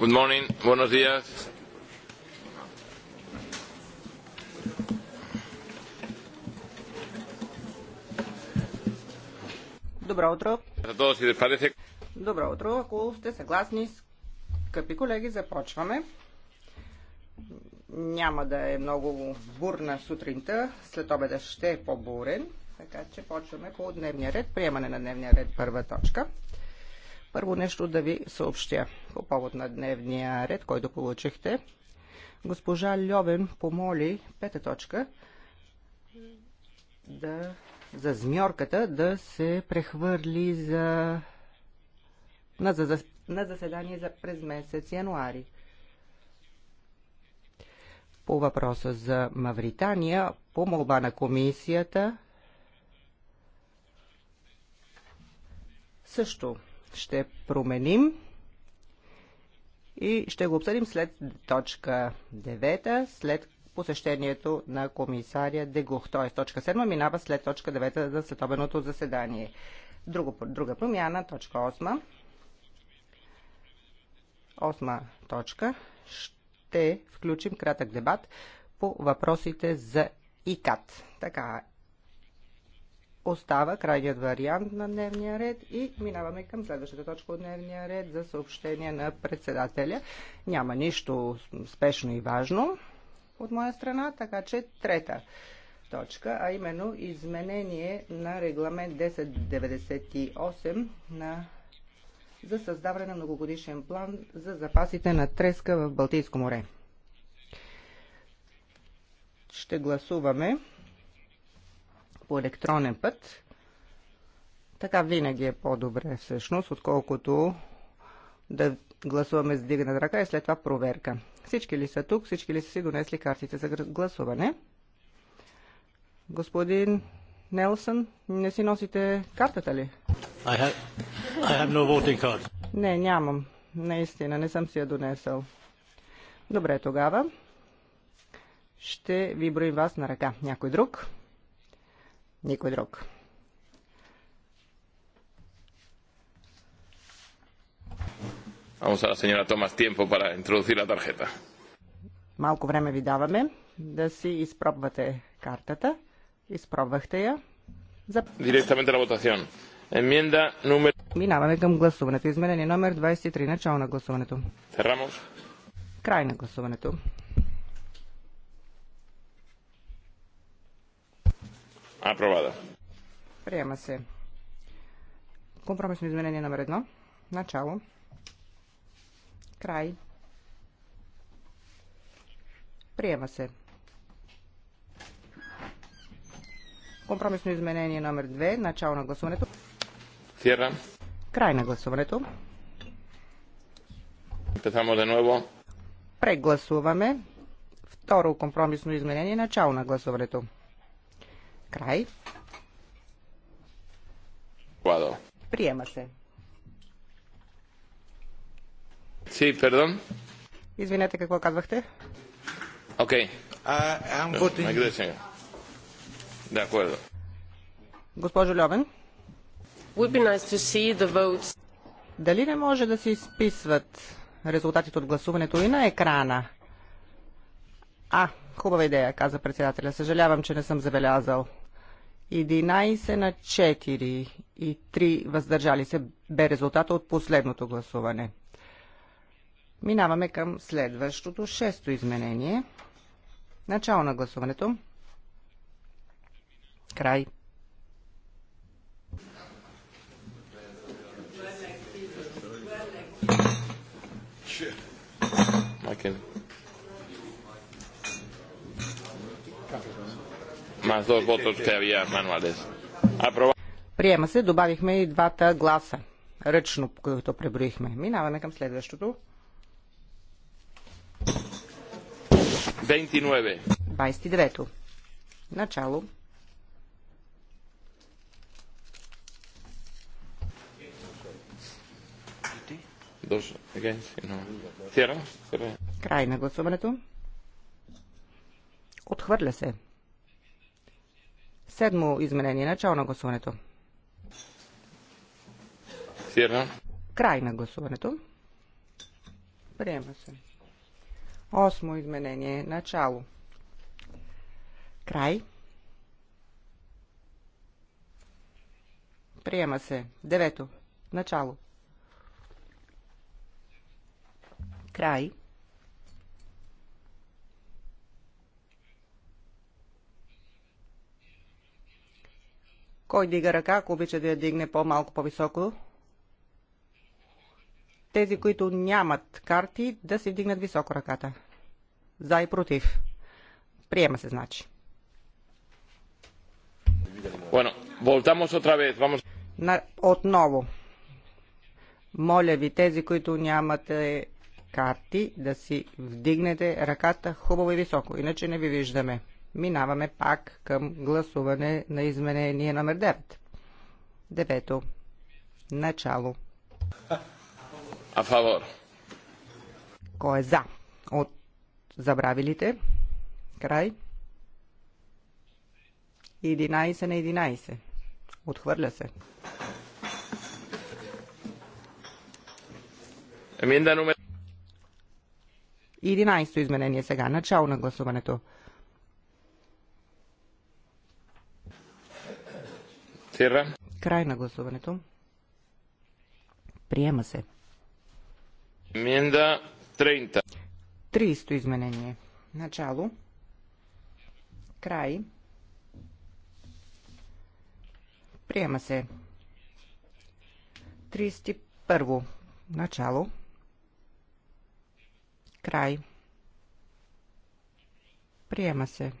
Good morning, buenos días. Добро утро. Добро утро. Ако сте съгласни, скъпи колеги, започваме. Няма да е много бурна сутринта, след обеда ще е по-бурен, така че почваме по дневния ред, приемане на дневния ред първа точка. Първо нещо да ви съобщя по повод на дневния ред, който получихте. Госпожа Льовен помоли пета точка да, за змьорката да се прехвърли за, на, за, на заседание за през месец януари. По въпроса за Мавритания, по молба на комисията, също ще променим и ще го обсъдим след точка 9, след посещението на комисаря Дегух. Т.е. точка 7 минава след точка 9 за световеното заседание. Друга, друга промяна, точка 8. 8- точка. Ще включим кратък дебат по въпросите за ИКАТ. Така, остава крайният вариант на дневния ред и минаваме към следващата точка от дневния ред за съобщение на председателя. Няма нищо спешно и важно от моя страна, така че трета точка, а именно изменение на регламент 1098 на за създаване на многогодишен план за запасите на треска в Балтийско море. Ще гласуваме по електронен път. Така винаги е по-добре всъщност, отколкото да гласуваме с дигна ръка и след това проверка. Всички ли са тук? Всички ли са си донесли картите за гласуване? Господин Нелсън, не си носите картата ли? I have, I have no voting card. Не, нямам. Наистина, не съм си я донесъл. Добре, тогава ще ви броим вас на ръка. Някой друг? Никой друг. Vamos a la señora Tomás tiempo para introducir la tarjeta. Малко време ви даваме да си изпробвате картата. Изпробвахте я. За... Директamente la votación. Enmienda número... Минаваме към гласуването. Изменение номер 23. Начало на гласуването. Cerramos. Край на гласуването. Апровада. Приема се. Компромисно изменение номер едно. Начало. Край. Приема се. Компромисно изменение номер две. Начало на гласуването. Сиера. Край на гласуването. Empezamos de nuevo. Прегласуваме. Второ компромисно изменение. Начало на гласуването. Край. Guado. Приема се. Sí, perdón. Извинете, какво казвахте? Окей. Okay. Uh, е Госпожо Льовен? Would be nice to see the votes. Дали не може да се изписват резултатите от гласуването и на екрана? А, хубава идея, каза председателя. Съжалявам, че не съм забелязал. 11 на 4 и 3 въздържали се бе резултата от последното гласуване. Минаваме към следващото шесто изменение. Начало на гласуването. Край. I Más dos votos que había manuales. Aprobado. Приема се, добавихме и двата гласа. Ръчно, които преброихме. Минаваме към следващото. 29. 29-то. Начало. Край на гласуването. Отхвърля се. Седмо изменение. Начало на гласуването. Сирна. Край на гласуването. Приема се. Осмо изменение. Начало. Край. Приема се. Девето. Начало. Край. Кой дига ръка, ако обича да я дигне по-малко по-високо? Тези, които нямат карти, да си вдигнат високо ръката. За и против. Приема се, значи. Bueno, voltamos otra vez. Vamos... На... Отново. Моля ви, тези, които нямате карти, да си вдигнете ръката хубаво и високо, иначе не ви виждаме минаваме пак към гласуване на изменение номер 9. Девето. Начало. А фавор. Кой е за? От забравилите. Край. 11 на 11. Отхвърля се. Еминда номер... 11 изменение сега. Начало на гласуването. Тира. Край на гласуването. Приема се. Менда 30. 30 изменение. Начало. Край. Приема се. 31. Начало. Край. Приема се.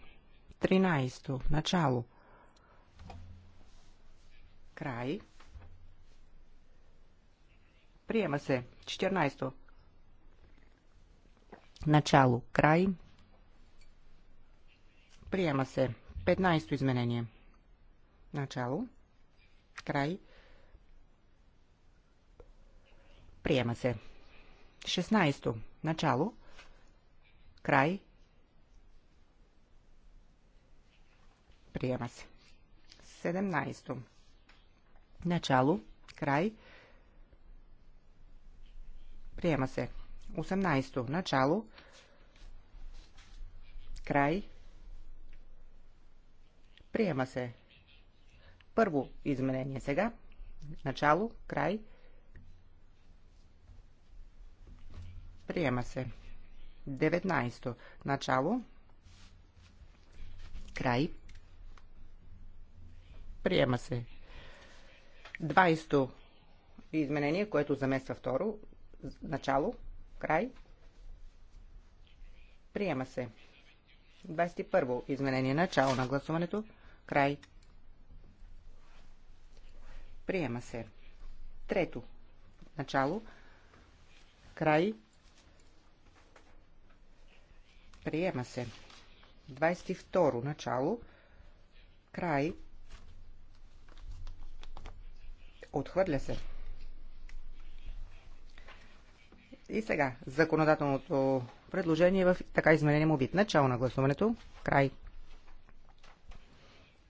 13. Начало. Край. Приема се. 14. то Начало. Край. Приема се. 15 то изменение. Начало. Край. Приема се. 16. Начало. Край. Приема се. 17. Начало. Край. Приема се. 18. то Начало. Край. Приема се. Първо изменение сега. Начало. Край. Приема се. 19. то Начало. Край. Приема се. 20-то изменение, което замества второ, начало, край, приема се. 21-во изменение, начало на гласуването, край, приема се. Трето, начало, край, приема се. 22-ро, начало, край, приема се. Отхвърля се. И сега, законодателното предложение в така изменение му вид. Начало на гласуването. Край.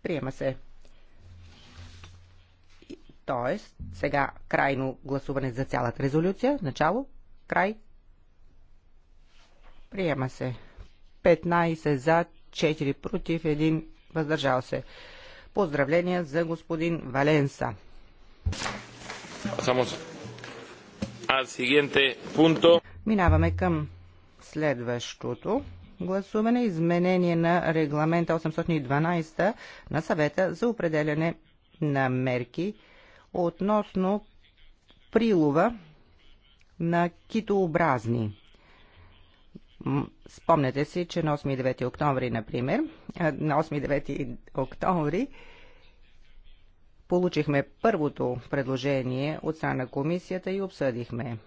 Приема се. Тоест, сега крайно гласуване за цялата резолюция. Начало. Край. Приема се. 15 за, 4 против, 1 въздържал се. Поздравления за господин Валенса. Минаваме към следващото гласуване изменение на регламента 812 на съвета за определяне на мерки относно прилова на китообразни. Спомняте си, че на 8 и 9 октомври, например, на 8 и 9 октомври Получихме първото предложение от страна на комисията и обсъдихме.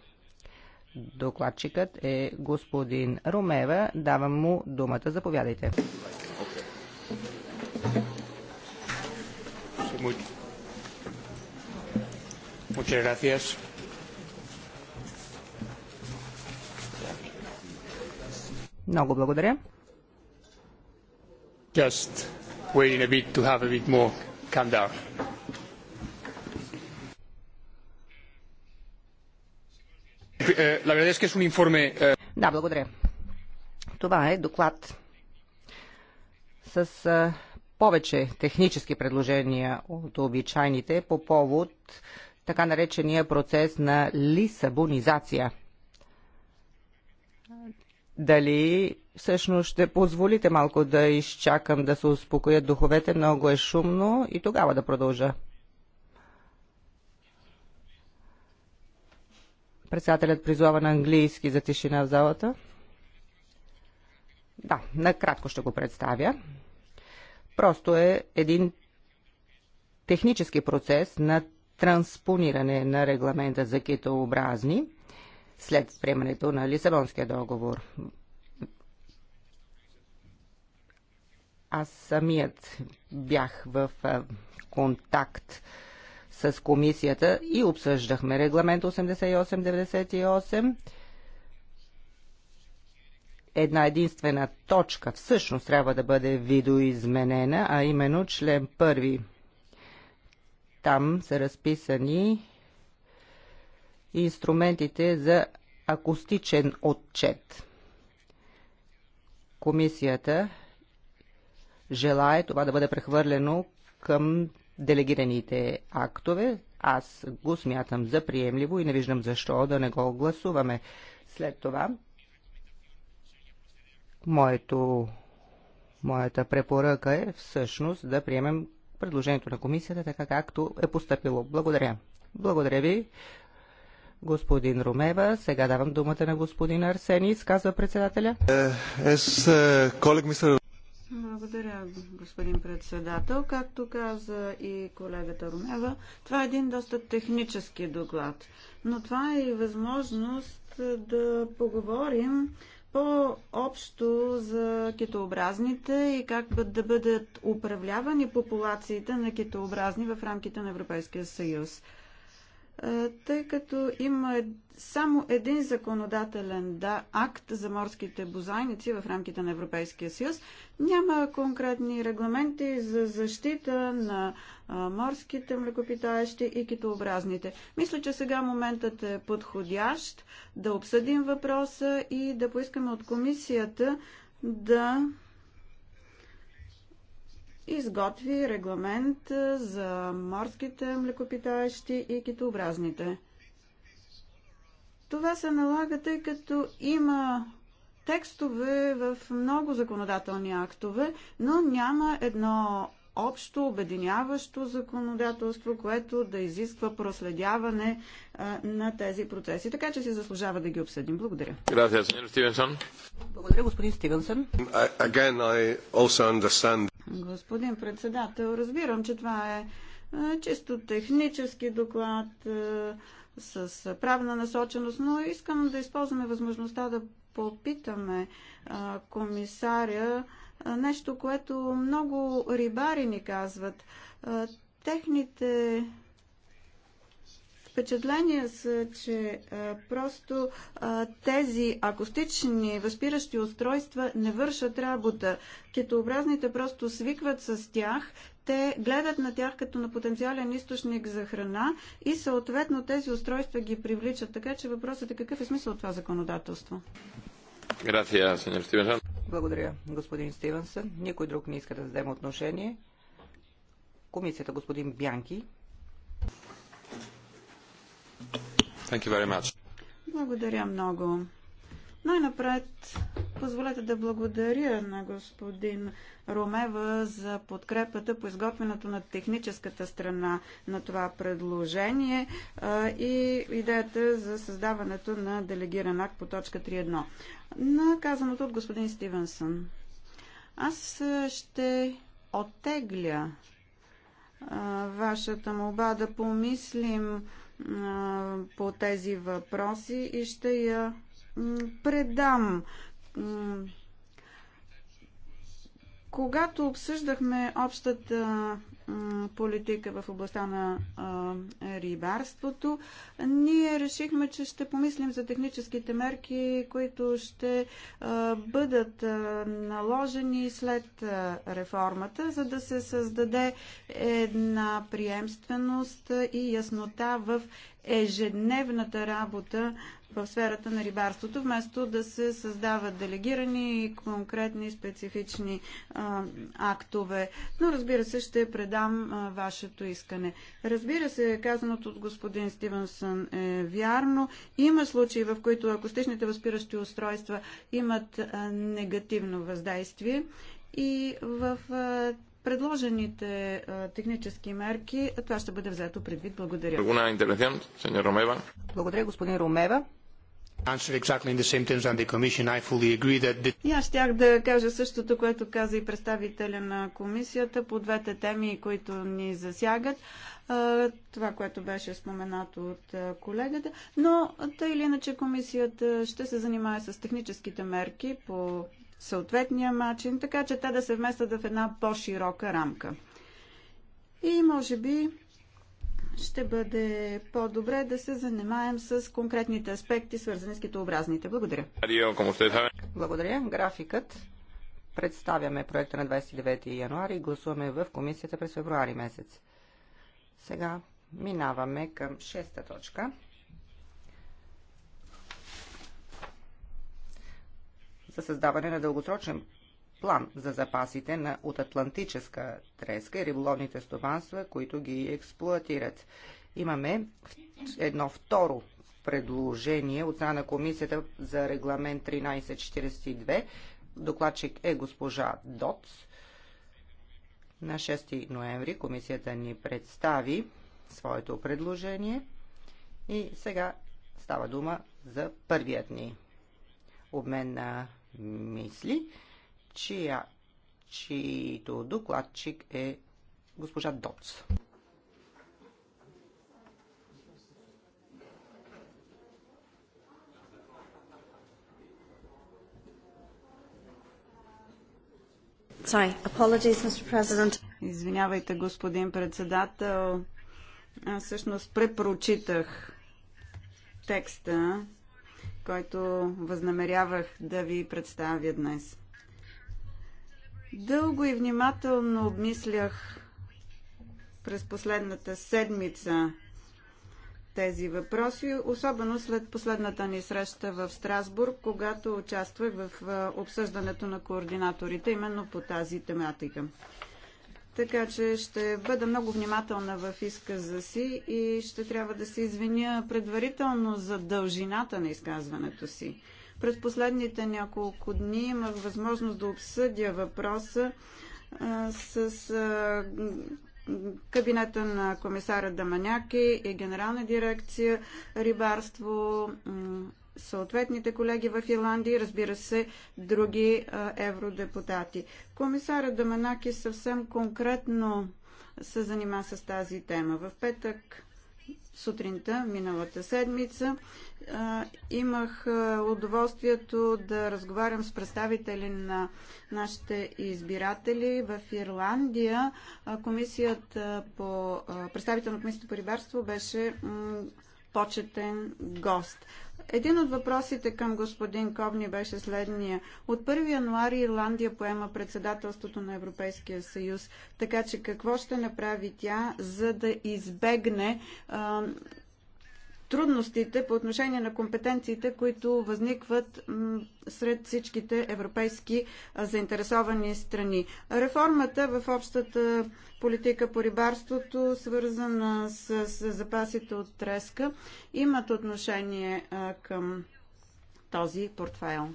Докладчикът е господин Ромева. Давам му думата. Заповядайте. Много благодаря. Just waiting a bit to have a bit more calm down. Е, е, eh, да, благодаря. Това е доклад с е, повече технически предложения от обичайните по повод така наречения процес на лисабонизация. Дали всъщност ще позволите малко да изчакам да се успокоят духовете, много е шумно и тогава да продължа. Председателят призова на английски за тишина в залата. Да, накратко ще го представя. Просто е един технически процес на транспониране на регламента за китообразни след приемането на Лисабонския договор. Аз самият бях в контакт с комисията и обсъждахме регламент 8898. Една единствена точка всъщност трябва да бъде видоизменена, а именно член първи. Там са разписани инструментите за акустичен отчет. Комисията желая това да бъде прехвърлено към делегираните актове. Аз го смятам за приемливо и не виждам защо да не го гласуваме. След това, моето, моята препоръка е всъщност да приемем предложението на комисията така както е поступило. Благодаря. Благодаря ви. Господин Румева, сега давам думата на господин Арсений, казва председателя. Е, е, е колег мисля... Благодаря, господин председател. Както каза и колегата Румева, това е един доста технически доклад. Но това е и възможност да поговорим по-общо за китообразните и как да бъдат управлявани популациите на китообразни в рамките на Европейския съюз. Е, тъй като има само един законодателен да, акт за морските бозайници в рамките на Европейския съюз. Няма конкретни регламенти за защита на морските млекопитаещи и китообразните. Мисля, че сега моментът е подходящ да обсъдим въпроса и да поискаме от комисията да изготви регламент за морските млекопитаещи и китообразните. Това се налага, тъй като има текстове в много законодателни актове, но няма едно общо обединяващо законодателство, което да изисква проследяване а, на тези процеси. Така че си заслужава да ги обсъдим. Благодаря. Благодаря, господин Стивенсън. Благодаря, господин Господин председател, разбирам, че това е, е чисто технически доклад е, с правна насоченост, но искам да използваме възможността да попитаме е, комисаря нещо, което много рибари ни казват. Техните Впечатления са, че а, просто а, тези акустични възпиращи устройства не вършат работа. Китообразните просто свикват с тях, те гледат на тях като на потенциален източник за храна и съответно тези устройства ги привличат. Така че въпросът е какъв е смисъл от това законодателство? Благодаря, господин Стивенсън. Никой друг не иска да вземе отношение. Комисията господин Бянки. Thank you very much. Благодаря много. Най-напред, позволете да благодаря на господин Ромева за подкрепата по изготвянето на техническата страна на това предложение а, и идеята за създаването на делегиран акт по точка 3.1. На казаното от господин Стивенсън. Аз ще оттегля а, вашата молба да помислим по тези въпроси и ще я предам. Когато обсъждахме общата политика в областта на рибарството, ние решихме, че ще помислим за техническите мерки, които ще бъдат наложени след реформата, за да се създаде една приемственост и яснота в ежедневната работа в сферата на рибарството, вместо да се създават делегирани и конкретни специфични а, актове. Но разбира се, ще предам а, вашето искане. Разбира се, казаното от господин Стивенсън е вярно. Има случаи, в които акустичните възпиращи устройства имат а, негативно въздействие и в а, предложените а, технически мерки, това ще бъде взето предвид. Благодаря. Благодаря, господин Ромева. И аз щях да кажа същото, което каза и представителя на комисията по двете теми, които ни засягат. Това, което беше споменато от колегата. Но тъй или иначе комисията ще се занимае с техническите мерки по съответния начин, така че те да се вместят в една по-широка рамка. И може би ще бъде по-добре да се занимаем с конкретните аспекти, свързани с китообразните. Благодаря. Благодаря. Графикът. Представяме проекта на 29 януари и гласуваме в комисията през февруари месец. Сега минаваме към шеста точка. За създаване на дългосрочен план за запасите на, от Атлантическа треска и риболовните стопанства, които ги експлуатират. Имаме едно второ предложение от страна на Комисията за регламент 1342. Докладчик е госпожа Доц. На 6 ноември комисията ни представи своето предложение и сега става дума за първият ни обмен на мисли чия, чието докладчик е госпожа Доц. Извинявайте, господин председател. Аз всъщност препрочитах текста, който възнамерявах да ви представя днес. Дълго и внимателно обмислях през последната седмица тези въпроси, особено след последната ни среща в Страсбург, когато участвах в обсъждането на координаторите именно по тази тематика. Така че ще бъда много внимателна в изказа си и ще трябва да се извиня предварително за дължината на изказването си. През последните няколко дни имах възможност да обсъдя въпроса с кабинета на комисара Даманяки и генерална дирекция рибарство, съответните колеги в Ирландия и разбира се други евродепутати. Комисара Даманаки съвсем конкретно се занима с тази тема. В петък сутринта миналата седмица. Имах удоволствието да разговарям с представители на нашите избиратели в Ирландия. Комисията по, представител на Комисията по рибарство беше почетен гост. Един от въпросите към господин Ковни беше следния. От 1 януари Ирландия поема председателството на Европейския съюз, така че какво ще направи тя, за да избегне а, трудностите по отношение на компетенциите, които възникват сред всичките европейски заинтересовани страни. Реформата в общата политика по рибарството, свързана с, запасите от треска, имат отношение към този портфел.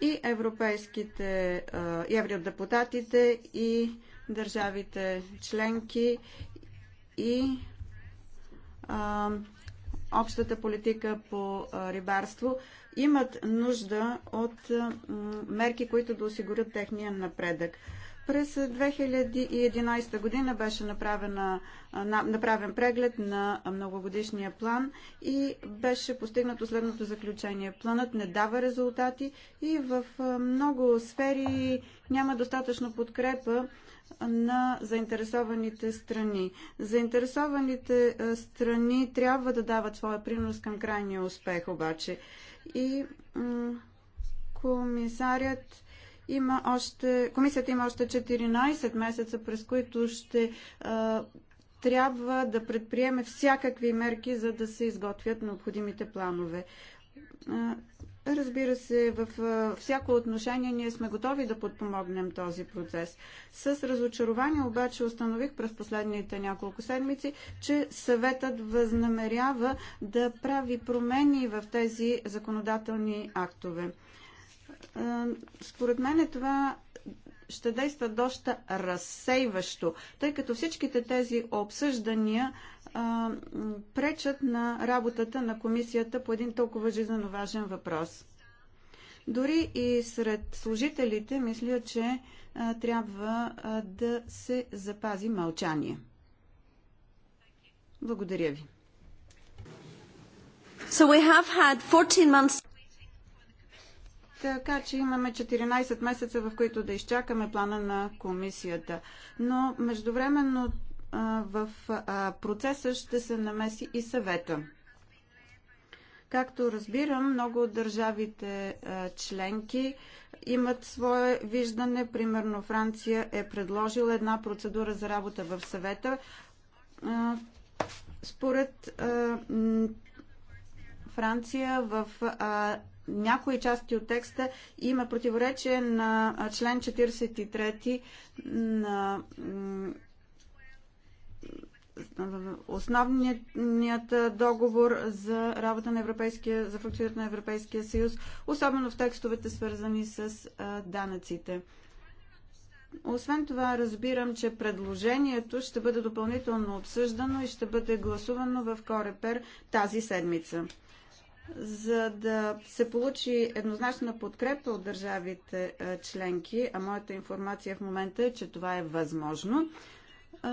И европейските, и евродепутатите, и държавите членки, и общата политика по рибарство, имат нужда от мерки, които да осигурят техния напредък. През 2011 година беше направена, направен преглед на многогодишния план и беше постигнато следното заключение. Планът не дава резултати и в много сфери няма достатъчно подкрепа на заинтересованите страни. Заинтересованите е, страни трябва да дават своя принос към крайния успех обаче. И комисарят има още, комисията има още 14 месеца, през които ще а, е, трябва да предприеме всякакви мерки, за да се изготвят необходимите планове. Е, Разбира се, в всяко отношение ние сме готови да подпомогнем този процес. С разочарование обаче установих през последните няколко седмици, че съветът възнамерява да прави промени в тези законодателни актове. Според мен е това ще действа доста разсейващо, тъй като всичките тези обсъждания а, пречат на работата на комисията по един толкова жизненно важен въпрос. Дори и сред служителите, мисля, че а, трябва а, да се запази мълчание. Благодаря ви. So we have had 14 months така че имаме 14 месеца, в които да изчакаме плана на комисията. Но междувременно в процеса ще се намеси и съвета. Както разбирам, много от държавите членки имат свое виждане. Примерно Франция е предложила една процедура за работа в съвета. Според Франция в някои части от текста има противоречие на член 43 на основният договор за работа на Европейския, за функцията на Европейския съюз, особено в текстовете свързани с данъците. Освен това, разбирам, че предложението ще бъде допълнително обсъждано и ще бъде гласувано в Корепер тази седмица за да се получи еднозначна подкрепа от държавите е, членки, а моята информация в момента е, че това е възможно, е,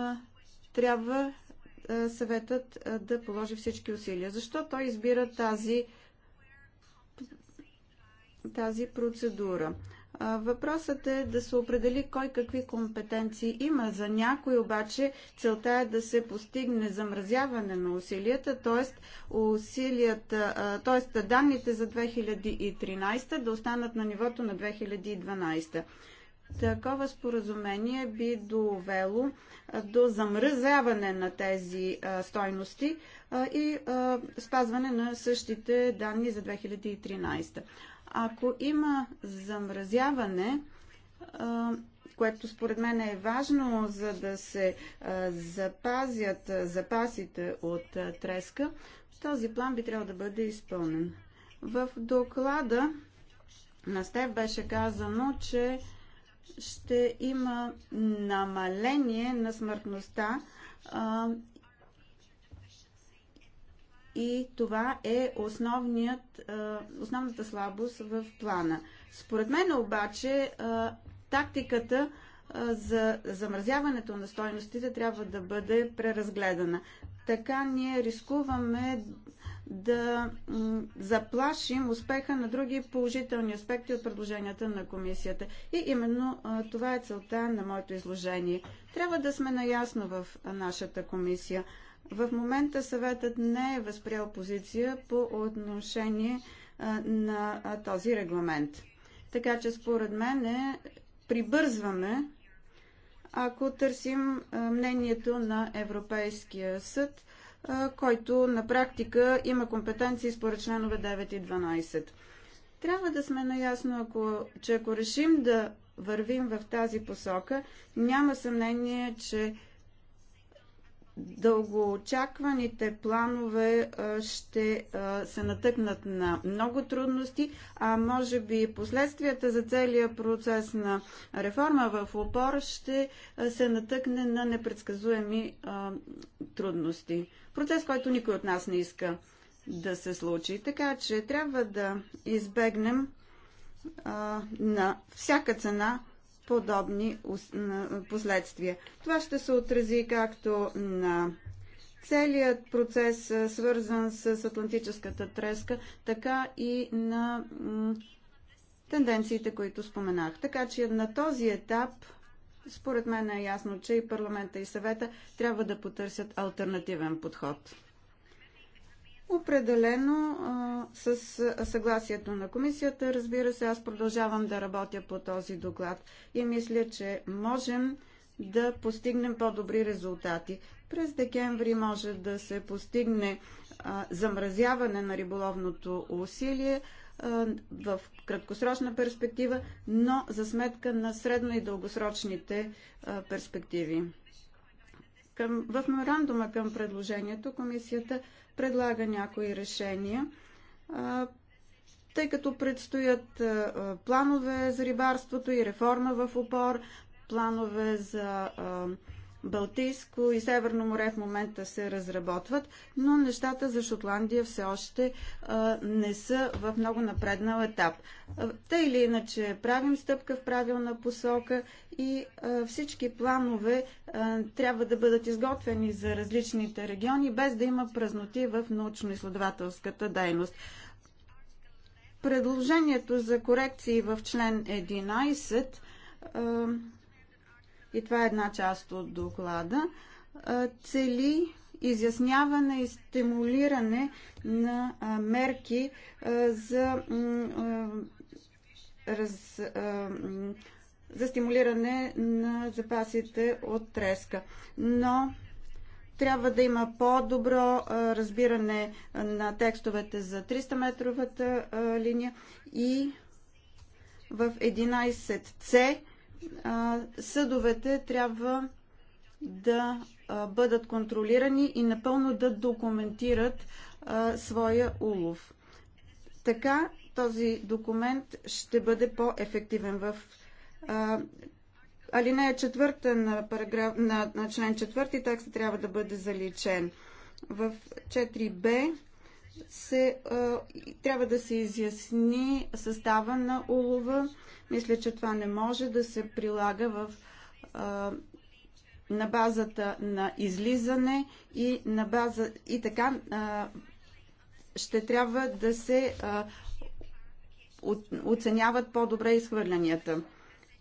трябва е, съветът да положи всички усилия. Защо той избира тази, тази процедура? Въпросът е да се определи кой какви компетенции има. За някой обаче целта е да се постигне замразяване на усилията, т.е. усилията, т.е. данните за 2013 да останат на нивото на 2012. Такова споразумение би довело до замразяване на тези стойности и спазване на същите данни за 2013. Ако има замразяване, което според мен е важно, за да се запазят запасите от треска, този план би трябвало да бъде изпълнен. В доклада на Стев беше казано, че ще има намаление на смъртността и това е основният, основната слабост в плана. Според мен обаче тактиката за замразяването на стойностите трябва да бъде преразгледана. Така ние рискуваме да заплашим успеха на други положителни аспекти от предложенията на комисията. И именно това е целта на моето изложение. Трябва да сме наясно в нашата комисия. В момента съветът не е възприял позиция по отношение на този регламент. Така че според мен е, прибързваме, ако търсим мнението на Европейския съд, който на практика има компетенции според членове 9 и 12. Трябва да сме наясно, ако, че ако решим да вървим в тази посока, няма съмнение, че дългоочакваните планове ще се натъкнат на много трудности, а може би последствията за целия процес на реформа в опор ще се натъкне на непредсказуеми трудности. Процес, който никой от нас не иска да се случи. Така че трябва да избегнем на всяка цена подобни последствия. Това ще се отрази както на целият процес, свързан с Атлантическата треска, така и на тенденциите, които споменах. Така че на този етап, според мен е ясно, че и парламента и съвета трябва да потърсят альтернативен подход. Определено с съгласието на комисията, разбира се, аз продължавам да работя по този доклад и мисля, че можем да постигнем по-добри резултати. През декември може да се постигне а, замразяване на риболовното усилие а, в краткосрочна перспектива, но за сметка на средно и дългосрочните а, перспективи. Към, в меморандума към предложението комисията предлага някои решения. Тъй като предстоят планове за рибарството и реформа в опор, планове за Балтийско и Северно море в момента се разработват, но нещата за Шотландия все още а, не са в много напреднал етап. Та или иначе правим стъпка в правилна посока и а, всички планове а, трябва да бъдат изготвени за различните региони, без да има празноти в научно-изследователската дейност. Предложението за корекции в член 11 а, и това е една част от доклада, цели изясняване и стимулиране на мерки за, раз, за стимулиране на запасите от треска. Но трябва да има по-добро разбиране на текстовете за 300-метровата линия и в 11C а, съдовете трябва да а, бъдат контролирани и напълно да документират а, своя улов. Така този документ ще бъде по-ефективен в а, Алинея четвърта на, параграф, на, на член четвърти текст трябва да бъде заличен. В 4б се, а, трябва да се изясни състава на улова. Мисля, че това не може да се прилага в, а, на базата на излизане и на база и така а, ще трябва да се а, от, оценяват по-добре изхвърлянията.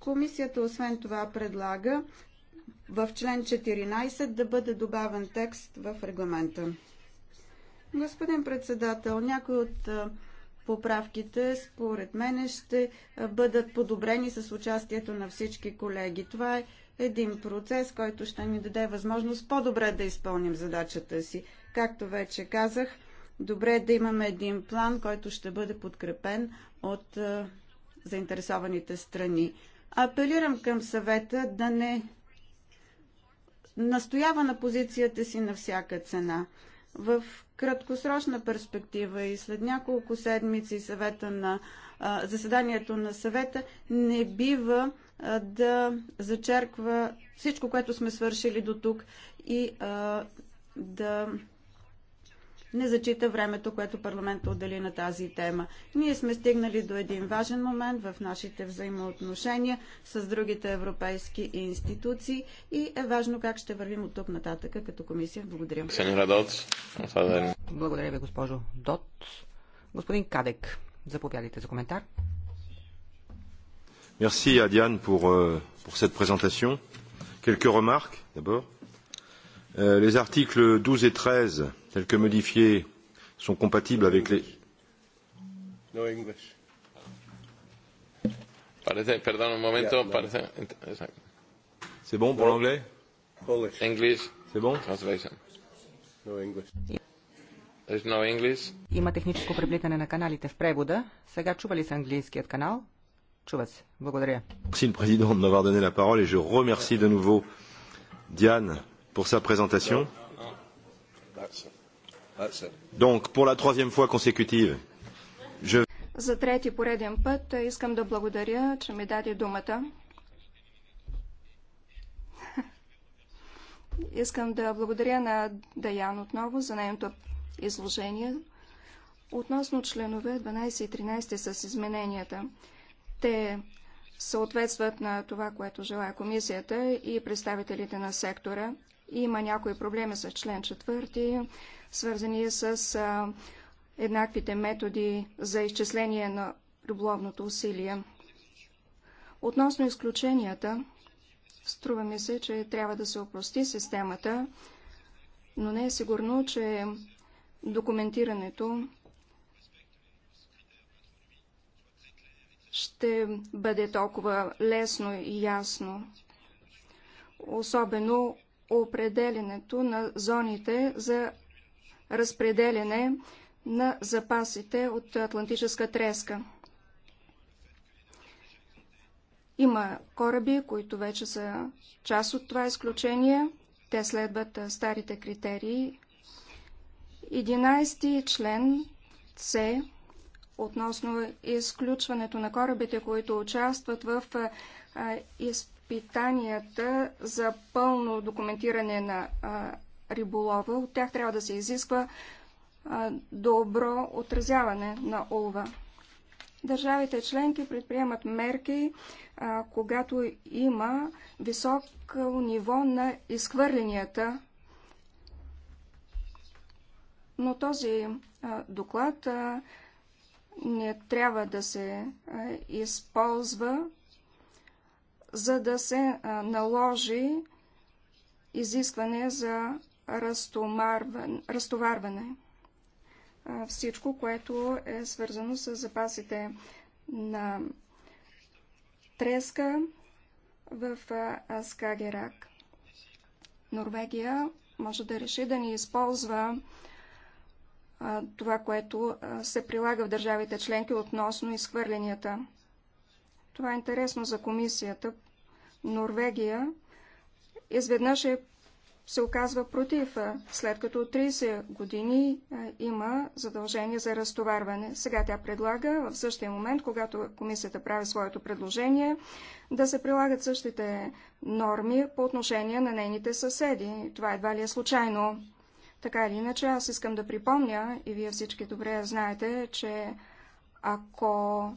Комисията освен това предлага в член 14 да бъде добавен текст в регламента. Господин председател, някои от поправките, според мене, ще бъдат подобрени с участието на всички колеги. Това е един процес, който ще ни даде възможност по-добре да изпълним задачата си. Както вече казах, добре е да имаме един план, който ще бъде подкрепен от заинтересованите страни. Апелирам към съвета да не настоява на позицията си на всяка цена. В краткосрочна перспектива и след няколко седмици съвета на, заседанието на съвета не бива да зачерква всичко, което сме свършили до тук и да не зачита времето, което парламентът отдели на тази тема. Ние сме стигнали до един важен момент в нашите взаимоотношения с другите европейски институции и е важно как ще вървим от тук нататък като комисия. Благодаря. Благодаря ви, госпожо Дот. Господин Кадек, заповядайте за коментар. Merci à Diane pour, euh, pour cette présentation. Quelques remarques d'abord. Euh, les articles 12 et 13 telles que modifiées sont compatibles avec les. No English. Parece, perdón, un momento. Yeah, parece, C'est bon pour no, l'anglais Polish. English. C'est bon Translation. No English. There's no English. Има техническо преплитане на каналите в превода. Сега чува ли се английският канал? Чува се. Благодаря. Merci le président de m'avoir donné la parole et je remercie de nouveau Diane pour sa présentation. Yeah. Donc, pour la troisième fois consécutive, je... За трети пореден път е, искам да благодаря, че ми даде думата. Искам да благодаря на Даян отново за нейното изложение. Относно членове 12 и 13 с измененията, те съответстват на това, което желая комисията и представителите на сектора. Има някои проблеми с член 4, свързани с еднаквите методи за изчисление на любовното усилие. Относно изключенията, струва ми се, че трябва да се опрости системата, но не е сигурно, че документирането ще бъде толкова лесно и ясно. Особено определенето на зоните за разпределяне на запасите от Атлантическа треска. Има кораби, които вече са част от това изключение. Те следват старите критерии. 11 член С относно изключването на корабите, които участват в изпитанията за пълно документиране на риболова, от тях трябва да се изисква добро отразяване на улва. Държавите членки предприемат мерки, когато има високо ниво на изхвърленията. Но този доклад не трябва да се използва, за да се наложи изискване за разтоварване. Всичко, което е свързано с запасите на треска в Аскагерак. Норвегия може да реши да ни използва това, което се прилага в държавите членки относно изхвърленията. Това е интересно за комисията. Норвегия изведнъж е се оказва против, след като 30 години има задължение за разтоварване. Сега тя предлага в същия момент, когато комисията прави своето предложение, да се прилагат същите норми по отношение на нейните съседи. Това едва ли е случайно. Така или иначе, аз искам да припомня, и вие всички добре знаете, че ако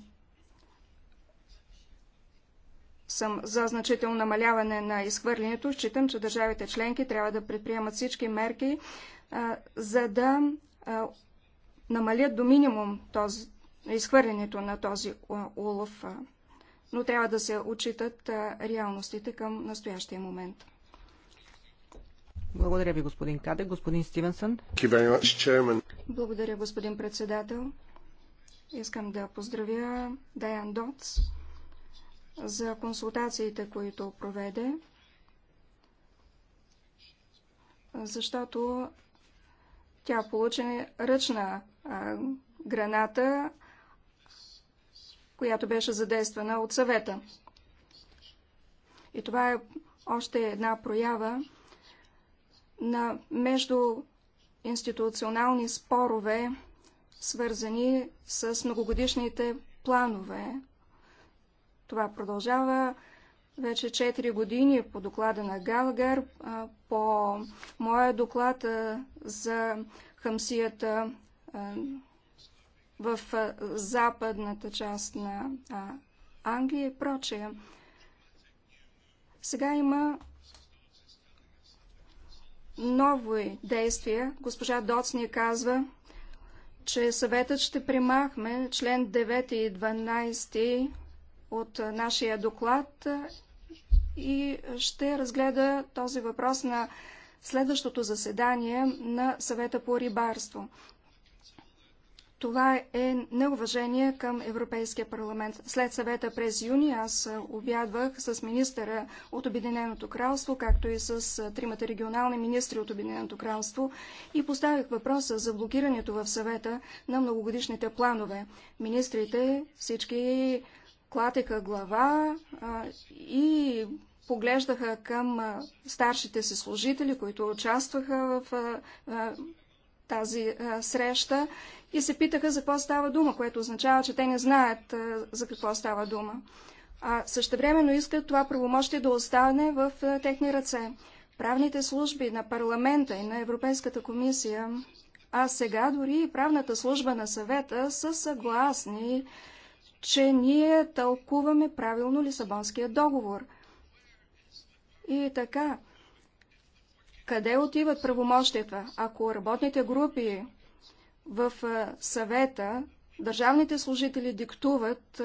съм за значително намаляване на изхвърлянето. Считам, че държавите членки трябва да предприемат всички мерки, за да намалят до минимум този, изхвърлянето на този улов. Но трябва да се отчитат реалностите към настоящия момент. Благодаря ви, господин Каде. Господин Стивенсън. Благодаря, господин председател. Искам да поздравя Даян Дотс за консултациите, които проведе, защото тя получи ръчна граната, която беше задействана от съвета. И това е още една проява на междуинституционални спорове, свързани с многогодишните планове това продължава вече 4 години по доклада на Галгар, по моя доклад за хамсията в западната част на Англия и прочее. Сега има нови действия. Госпожа Доцния казва, че съветът ще примахме член 9 и 12 от нашия доклад и ще разгледа този въпрос на следващото заседание на съвета по рибарство. Това е неуважение към Европейския парламент. След съвета през юни аз обядвах с министъра от Обединеното кралство, както и с тримата регионални министри от Обединеното кралство и поставих въпроса за блокирането в съвета на многогодишните планове. Министрите всички клатеха глава а, и поглеждаха към а, старшите си служители, които участваха в а, а, тази а, среща и се питаха за какво става дума, което означава, че те не знаят а, за какво става дума. А същевременно искат това правомощие да остане в а, техни ръце. Правните служби на парламента и на Европейската комисия, а сега дори и правната служба на съвета са съгласни, че ние тълкуваме правилно Лисабонския договор. И така, къде отиват правомощията? Ако работните групи в съвета, държавните служители диктуват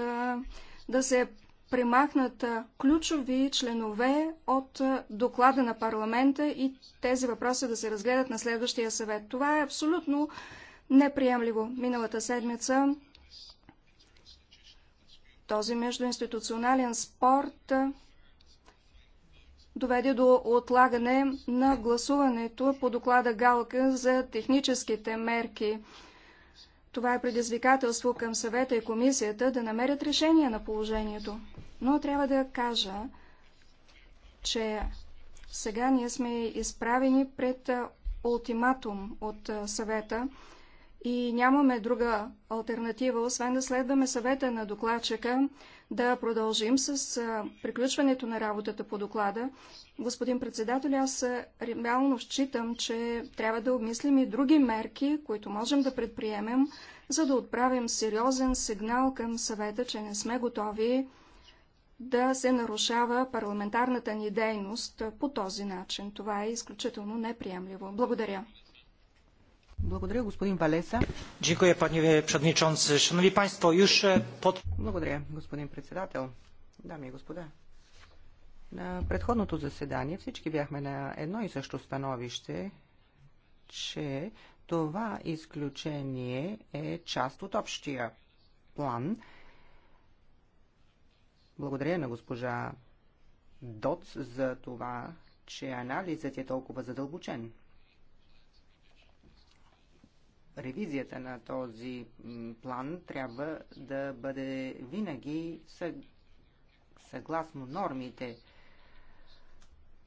да се премахнат ключови членове от доклада на парламента и тези въпроси да се разгледат на следващия съвет. Това е абсолютно неприемливо. Миналата седмица този междуинституционален спорт доведе до отлагане на гласуването по доклада Галка за техническите мерки. Това е предизвикателство към съвета и комисията да намерят решение на положението. Но трябва да кажа, че сега ние сме изправени пред ултиматум от съвета – и нямаме друга альтернатива, освен да следваме съвета на докладчика, да продължим с приключването на работата по доклада. Господин председател, аз реално считам, че трябва да обмислим и други мерки, които можем да предприемем, за да отправим сериозен сигнал към съвета, че не сме готови да се нарушава парламентарната ни дейност по този начин. Това е изключително неприемливо. Благодаря. Благодаря, господин Валеса. Дякую, пани предничонце. Шановни панство, юж под... Благодаря, господин председател. Дами и господа, на предходното заседание всички бяхме на едно и също становище, че това изключение е част от общия план. Благодаря на госпожа Доц за това, че анализът е толкова задълбочен ревизията на този план трябва да бъде винаги съгласно нормите.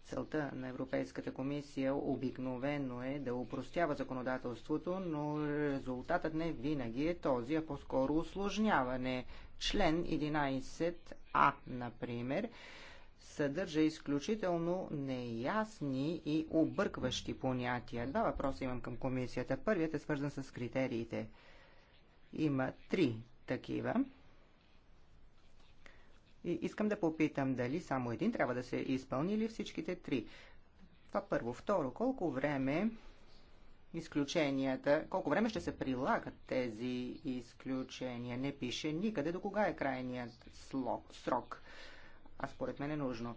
Целта на Европейската комисия обикновено е да упростява законодателството, но резултатът не винаги е този, а по-скоро усложняване. Член 11а, например, съдържа изключително неясни и объркващи понятия. Два въпроса имам към комисията. Първият е свързан с критериите. Има три такива. И искам да попитам дали само един трябва да се изпълни или всичките три. Това първо. Второ, колко време изключенията, колко време ще се прилагат тези изключения? Не пише никъде до кога е крайният срок а според мен е нужно.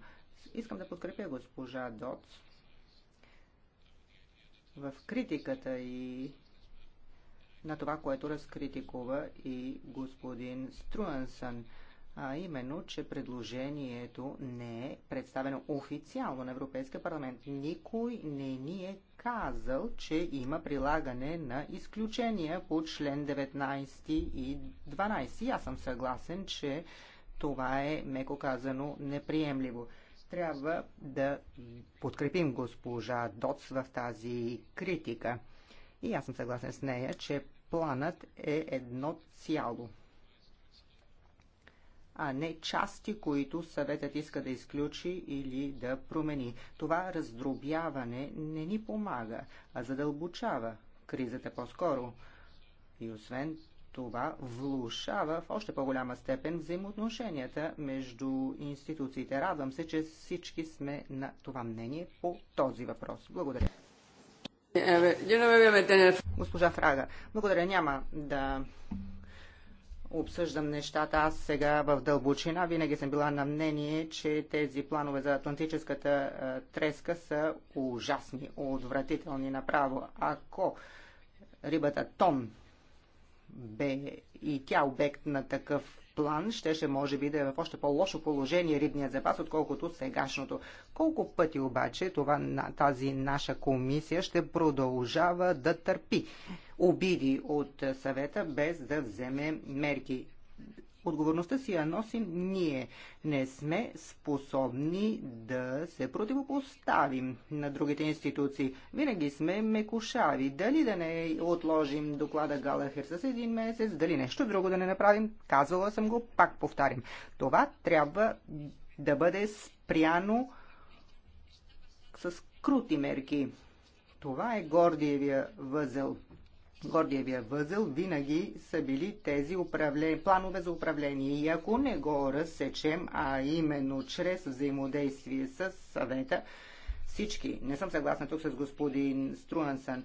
Искам да подкрепя госпожа Дот в критиката и на това, което разкритикува и господин Струансън, а именно, че предложението не е представено официално на Европейския парламент. Никой не ни е казал, че има прилагане на изключения по член 19 и 12. И аз съм съгласен, че това е, меко казано, неприемливо. Трябва да подкрепим госпожа Доц в тази критика. И аз съм съгласен с нея, че планът е едно цяло а не части, които съветът иска да изключи или да промени. Това раздробяване не ни помага, а задълбочава кризата по-скоро. И освен това влушава в още по-голяма степен взаимоотношенията между институциите. Радвам се, че всички сме на това мнение по този въпрос. Благодаря. Госпожа Фрага, благодаря. Няма да обсъждам нещата. Аз сега в дълбочина винаги съм била на мнение, че тези планове за атлантическата треска са ужасни, отвратителни направо. Ако рибата Том бе и тя обект на такъв план, щеше може би да е в още по-лошо положение рибният запас, отколкото сегашното. Колко пъти обаче това, тази наша комисия ще продължава да търпи обиди от съвета без да вземе мерки? Отговорността си я носим ние. Не сме способни да се противопоставим на другите институции. Винаги сме мекушави. Дали да не отложим доклада Галахер с един месец, дали нещо друго да не направим, казвала съм го, пак повтарям. Това трябва да бъде спряно с крути мерки. Това е гордиевия възел – Гордиевия възел винаги са били тези управлен... планове за управление. И ако не го разсечем, а именно чрез взаимодействие с съвета, всички, не съм съгласна тук с господин Струансън,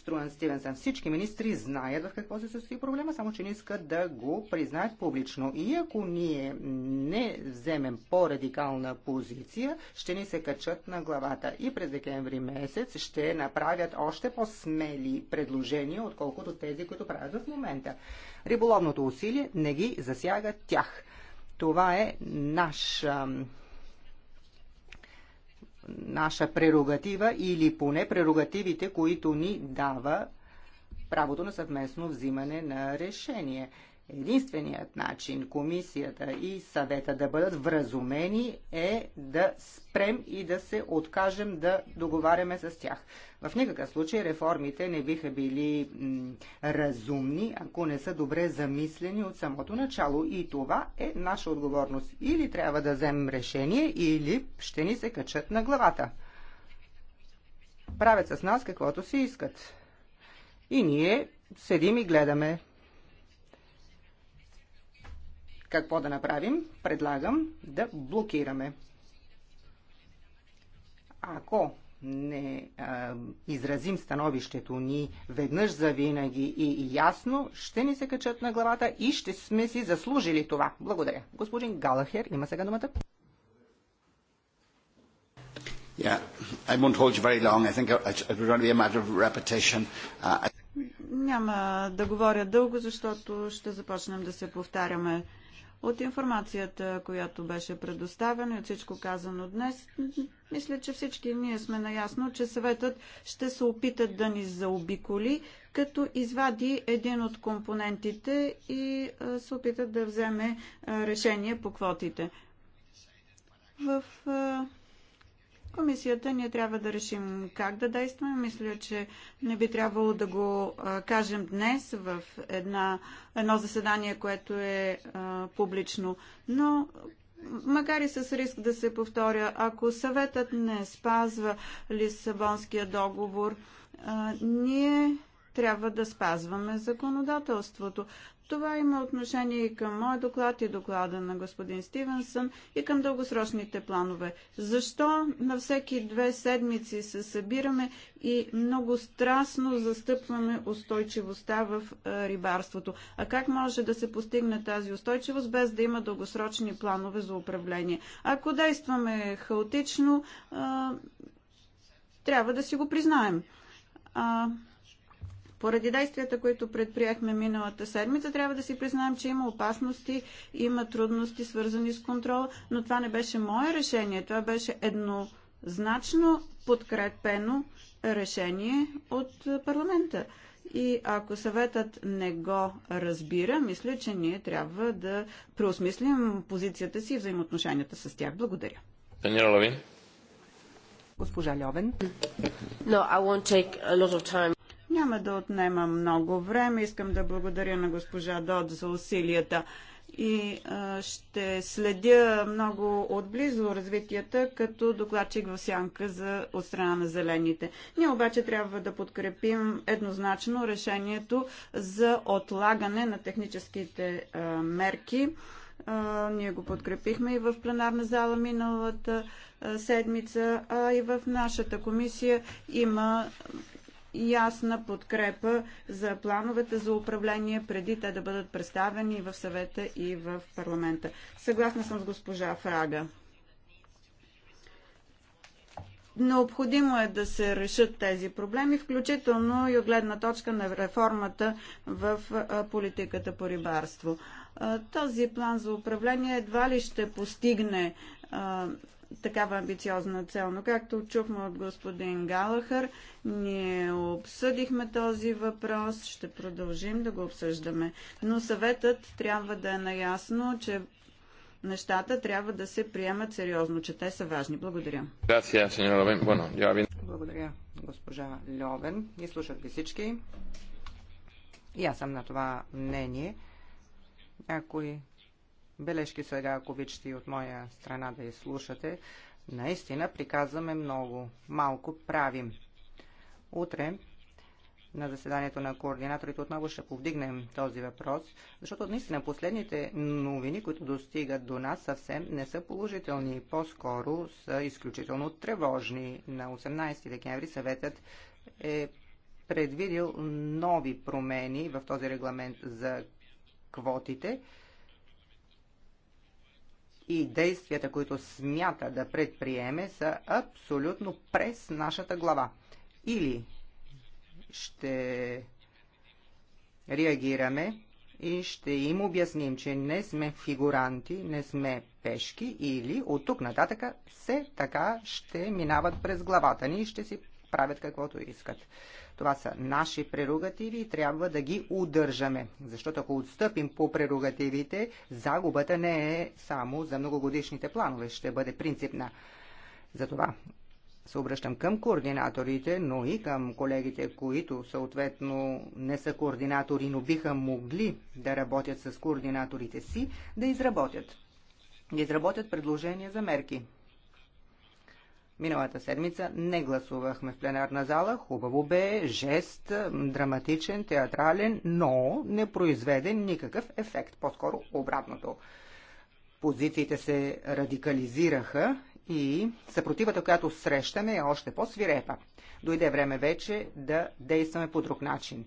Струан Стивенсън. Всички министри знаят в какво се състои проблема, само че не искат да го признаят публично. И ако ние не вземем по-радикална позиция, ще ни се качат на главата. И през декември месец ще направят още по-смели предложения, отколкото тези, които правят в момента. Риболовното усилие не ги засяга тях. Това е наш наша прерогатива или поне прерогативите, които ни дава правото на съвместно взимане на решение единственият начин комисията и съвета да бъдат вразумени е да спрем и да се откажем да договаряме с тях. В никакъв случай реформите не биха били разумни, ако не са добре замислени от самото начало. И това е наша отговорност. Или трябва да вземем решение, или ще ни се качат на главата. Правят с нас каквото си искат. И ние седим и гледаме. Какво да направим? Предлагам да блокираме. Ако не а, изразим становището ни веднъж за винаги и ясно, ще ни се качат на главата и ще сме си заслужили това. Благодаря. Господин Галахер, има сега думата. Uh, Няма да говоря дълго, защото ще започнем да се повтаряме. От информацията, която беше предоставена и от всичко казано днес, мисля, че всички ние сме наясно, че съветът ще се опита да ни заобиколи, като извади един от компонентите и се опита да вземе решение по квотите. В комисията ние трябва да решим как да действаме. Мисля, че не би трябвало да го кажем днес в една, едно заседание, което е а, публично. Но макар и с риск да се повторя, ако съветът не спазва Лисабонския договор, а, ние трябва да спазваме законодателството. Това има отношение и към мой доклад и доклада на господин Стивенсън и към дългосрочните планове. Защо на всеки две седмици се събираме и много страстно застъпваме устойчивостта в е, рибарството? А как може да се постигне тази устойчивост без да има дългосрочни планове за управление? Ако действаме хаотично, е, трябва да си го признаем. А, поради действията, които предприехме миналата седмица, трябва да си признаем, че има опасности, има трудности, свързани с контрола, но това не беше мое решение. Това беше еднозначно подкрепено решение от парламента. И ако съветът не го разбира, мисля, че ние трябва да преосмислим позицията си и взаимоотношенията с тях. Благодаря. Госпожа Льовен. No, I won't take a lot of time. Няма да отнема много време. Искам да благодаря на госпожа Дод за усилията и а, ще следя много отблизо развитията като докладчик в сянка за от страна на зелените. Ние обаче трябва да подкрепим еднозначно решението за отлагане на техническите а, мерки. А, ние го подкрепихме и в пленарна зала миналата седмица, а и в нашата комисия има ясна подкрепа за плановете за управление преди те да бъдат представени в съвета и в парламента. Съгласна съм с госпожа Фрага. Необходимо е да се решат тези проблеми, включително и от гледна точка на реформата в политиката по рибарство. Този план за управление едва ли ще постигне такава амбициозна цел. Но както чухме от господин Галахър, ние обсъдихме този въпрос, ще продължим да го обсъждаме. Но съветът трябва да е наясно, че нещата трябва да се приемат сериозно, че те са важни. Благодаря. Благодаря, госпожа Льовен. И слушат ви всички. И аз съм на това мнение. Някои бележки сега, ако обичате и от моя страна да я слушате. Наистина приказваме много. Малко правим. Утре на заседанието на координаторите отново ще повдигнем този въпрос, защото наистина последните новини, които достигат до нас, съвсем не са положителни. По-скоро са изключително тревожни. На 18 декември съветът е предвидил нови промени в този регламент за квотите, и действията, които смята да предприеме, са абсолютно през нашата глава. Или ще реагираме и ще им обясним, че не сме фигуранти, не сме пешки или от тук нататъка все така ще минават през главата ни и ще си правят каквото искат. Това са наши прерогативи и трябва да ги удържаме. Защото ако отстъпим по прерогативите, загубата не е само за многогодишните планове, ще бъде принципна. Затова се обръщам към координаторите, но и към колегите, които съответно не са координатори, но биха могли да работят с координаторите си, да изработят. Да изработят предложения за мерки. Миналата седмица не гласувахме в пленарна зала. Хубаво бе, жест, драматичен, театрален, но не произведе никакъв ефект. По-скоро обратното. Позициите се радикализираха и съпротивата, която срещаме, е още по-свирепа. Дойде време вече да действаме по друг начин.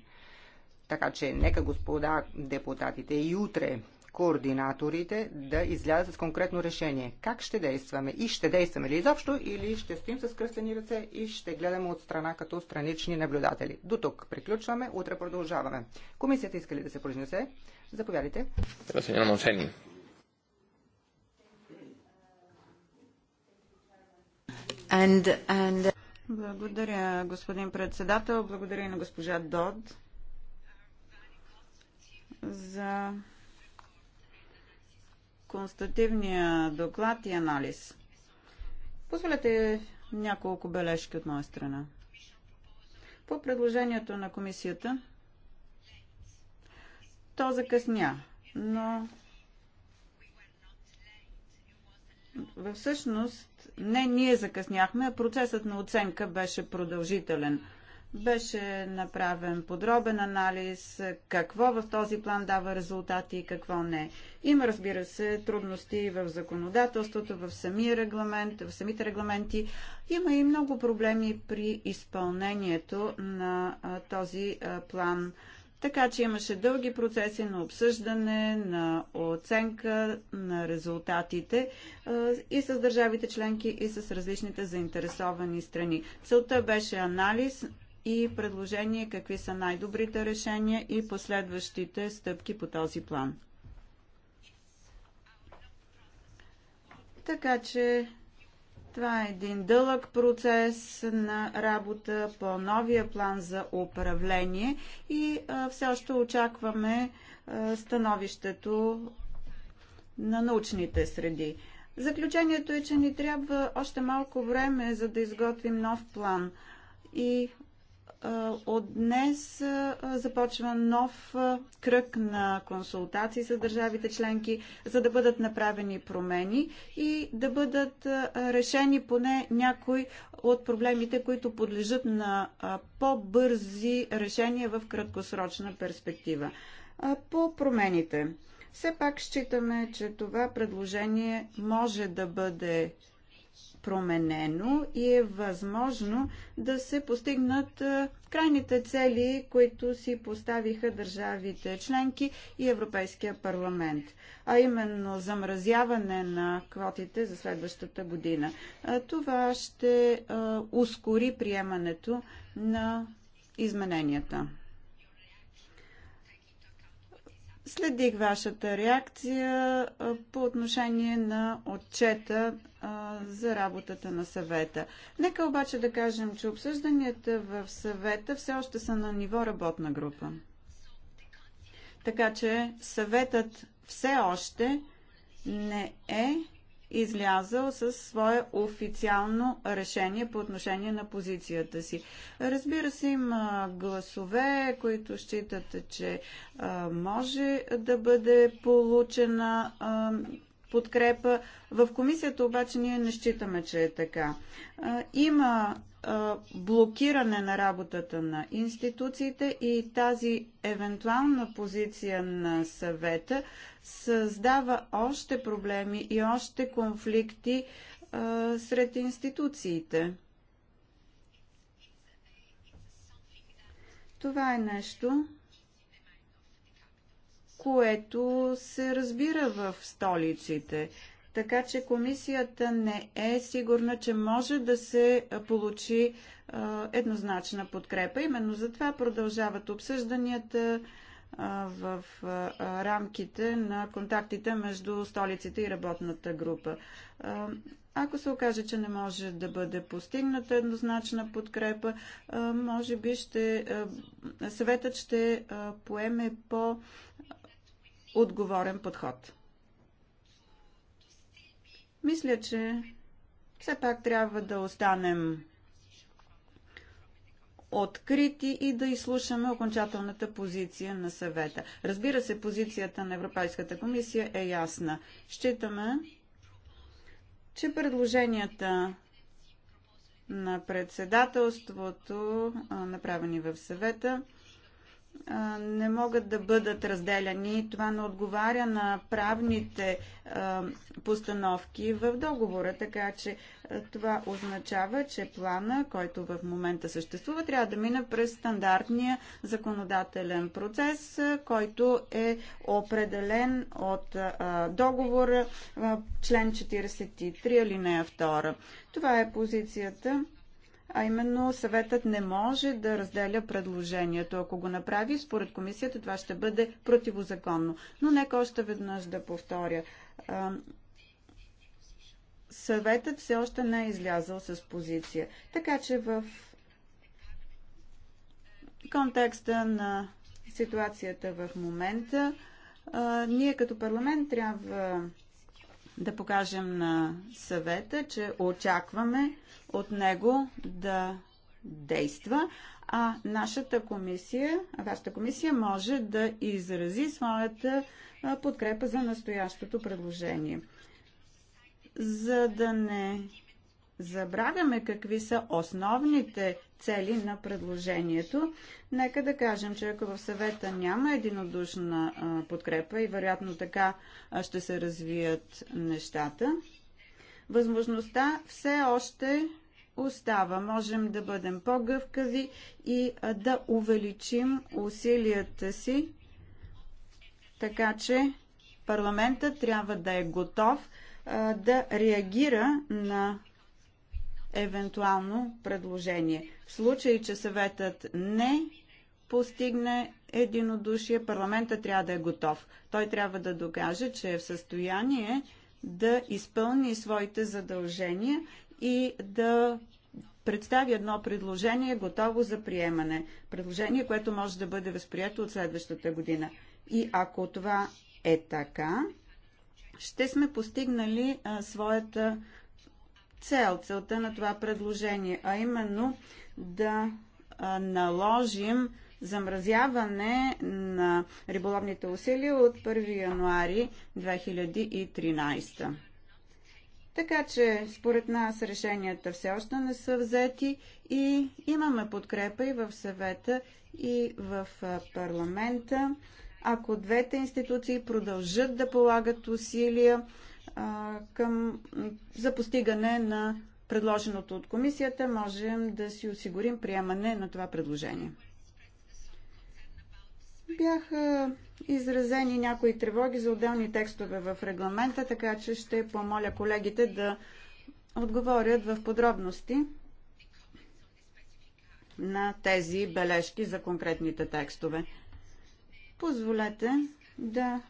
Така че нека господа депутатите и утре координаторите да излязат с конкретно решение. Как ще действаме? И ще действаме ли изобщо, или ще стоим с кръстени ръце и ще гледаме от страна като странични наблюдатели? До тук приключваме, утре продължаваме. Комисията иска ли да се произнесе? Заповядайте. And, and... Благодаря, господин председател. Благодаря и на госпожа Дод за констативния доклад и анализ. Позволете няколко бележки от моя страна. По предложението на комисията, то закъсня, но всъщност не ние закъсняхме, а процесът на оценка беше продължителен – беше направен подробен анализ какво в този план дава резултати и какво не. Има, разбира се, трудности в законодателството, в, самия регламент, в самите регламенти. Има и много проблеми при изпълнението на този план. Така че имаше дълги процеси на обсъждане, на оценка на резултатите и с държавите членки, и с различните заинтересовани страни. Целта беше анализ и предложение какви са най-добрите решения и последващите стъпки по този план. Така че това е един дълъг процес на работа по новия план за управление и все още очакваме становището на научните среди. Заключението е, че ни трябва още малко време, за да изготвим нов план. И от днес започва нов кръг на консултации с държавите членки, за да бъдат направени промени и да бъдат решени поне някои от проблемите, които подлежат на по-бързи решения в краткосрочна перспектива. По промените. Все пак считаме, че това предложение може да бъде променено и е възможно да се постигнат крайните цели, които си поставиха държавите членки и Европейския парламент, а именно замразяване на квотите за следващата година. Това ще ускори приемането на измененията. Следих вашата реакция по отношение на отчета за работата на съвета. Нека обаче да кажем, че обсъжданията в съвета все още са на ниво работна група. Така че съветът все още не е излязъл със свое официално решение по отношение на позицията си. Разбира се, има гласове, които считат, че може да бъде получена подкрепа. В комисията обаче ние не считаме, че е така. Има блокиране на работата на институциите и тази евентуална позиция на съвета създава още проблеми и още конфликти сред институциите. Това е нещо, което се разбира в столиците. Така че комисията не е сигурна, че може да се получи еднозначна подкрепа. Именно затова продължават обсъжданията в рамките на контактите между столиците и работната група. Ако се окаже, че не може да бъде постигната еднозначна подкрепа, може би ще, съветът ще поеме по отговорен подход. Мисля, че все пак трябва да останем открити и да изслушаме окончателната позиция на съвета. Разбира се, позицията на Европейската комисия е ясна. Считаме, че предложенията на председателството, направени в съвета, не могат да бъдат разделяни. Това не отговаря на правните постановки в договора, така че това означава, че плана, който в момента съществува, трябва да мине през стандартния законодателен процес, който е определен от договора член 43 алинея 2. Това е позицията а именно съветът не може да разделя предложението. Ако го направи, според комисията това ще бъде противозаконно. Но нека още веднъж да повторя. Съветът все още не е излязъл с позиция. Така че в контекста на ситуацията в момента, ние като парламент трябва да покажем на съвета, че очакваме от него да действа, а нашата комисия, вашата комисия може да изрази своята подкрепа за настоящото предложение. За да не забравяме какви са основните цели на предложението. Нека да кажем, че ако в съвета няма единодушна подкрепа и вероятно така ще се развият нещата, възможността все още остава. Можем да бъдем по-гъвкави и да увеличим усилията си, така че парламента трябва да е готов да реагира на евентуално предложение. В случай, че съветът не постигне единодушие, парламента трябва да е готов. Той трябва да докаже, че е в състояние да изпълни своите задължения и да представи едно предложение, готово за приемане. Предложение, което може да бъде възприето от следващата година. И ако това е така, ще сме постигнали а, своята цел, целта на това предложение, а именно да а, наложим замразяване на риболовните усилия от 1 януари 2013. Така че, според нас, решенията все още не са взети и имаме подкрепа и в съвета, и в парламента. Ако двете институции продължат да полагат усилия а, към, за постигане на предложеното от комисията, можем да си осигурим приемане на това предложение. Бяха изразени някои тревоги за отделни текстове в регламента, така че ще помоля колегите да отговорят в подробности на тези бележки за конкретните текстове. Позволете да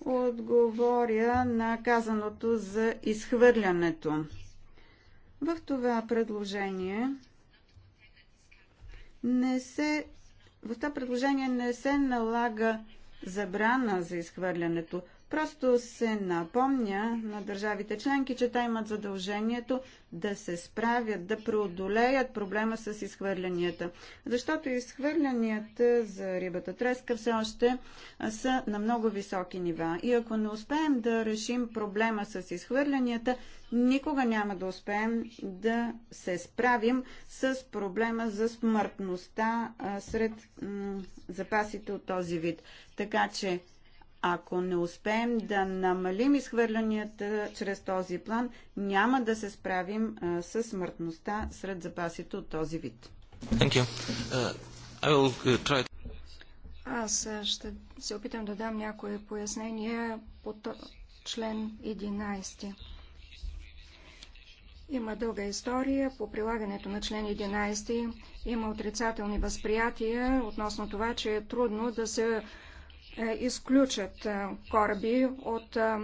отговоря на казаното за изхвърлянето. В това предложение не се в това предложение не се налага забрана за изхвърлянето. Просто се напомня на държавите членки, че те имат задължението да се справят, да преодолеят проблема с изхвърлянията. Защото изхвърлянията за рибата треска все още са на много високи нива. И ако не успеем да решим проблема с изхвърлянията, никога няма да успеем да се справим с проблема за смъртността сред запасите от този вид. Така че ако не успеем да намалим изхвърлянията чрез този план, няма да се справим а, с смъртността сред запасите от този вид. Uh, uh to... Аз ще се опитам да дам някои пояснения по член 11. Има дълга история по прилагането на член 11. Има отрицателни възприятия относно това, че е трудно да се е, изключат е, кораби от е,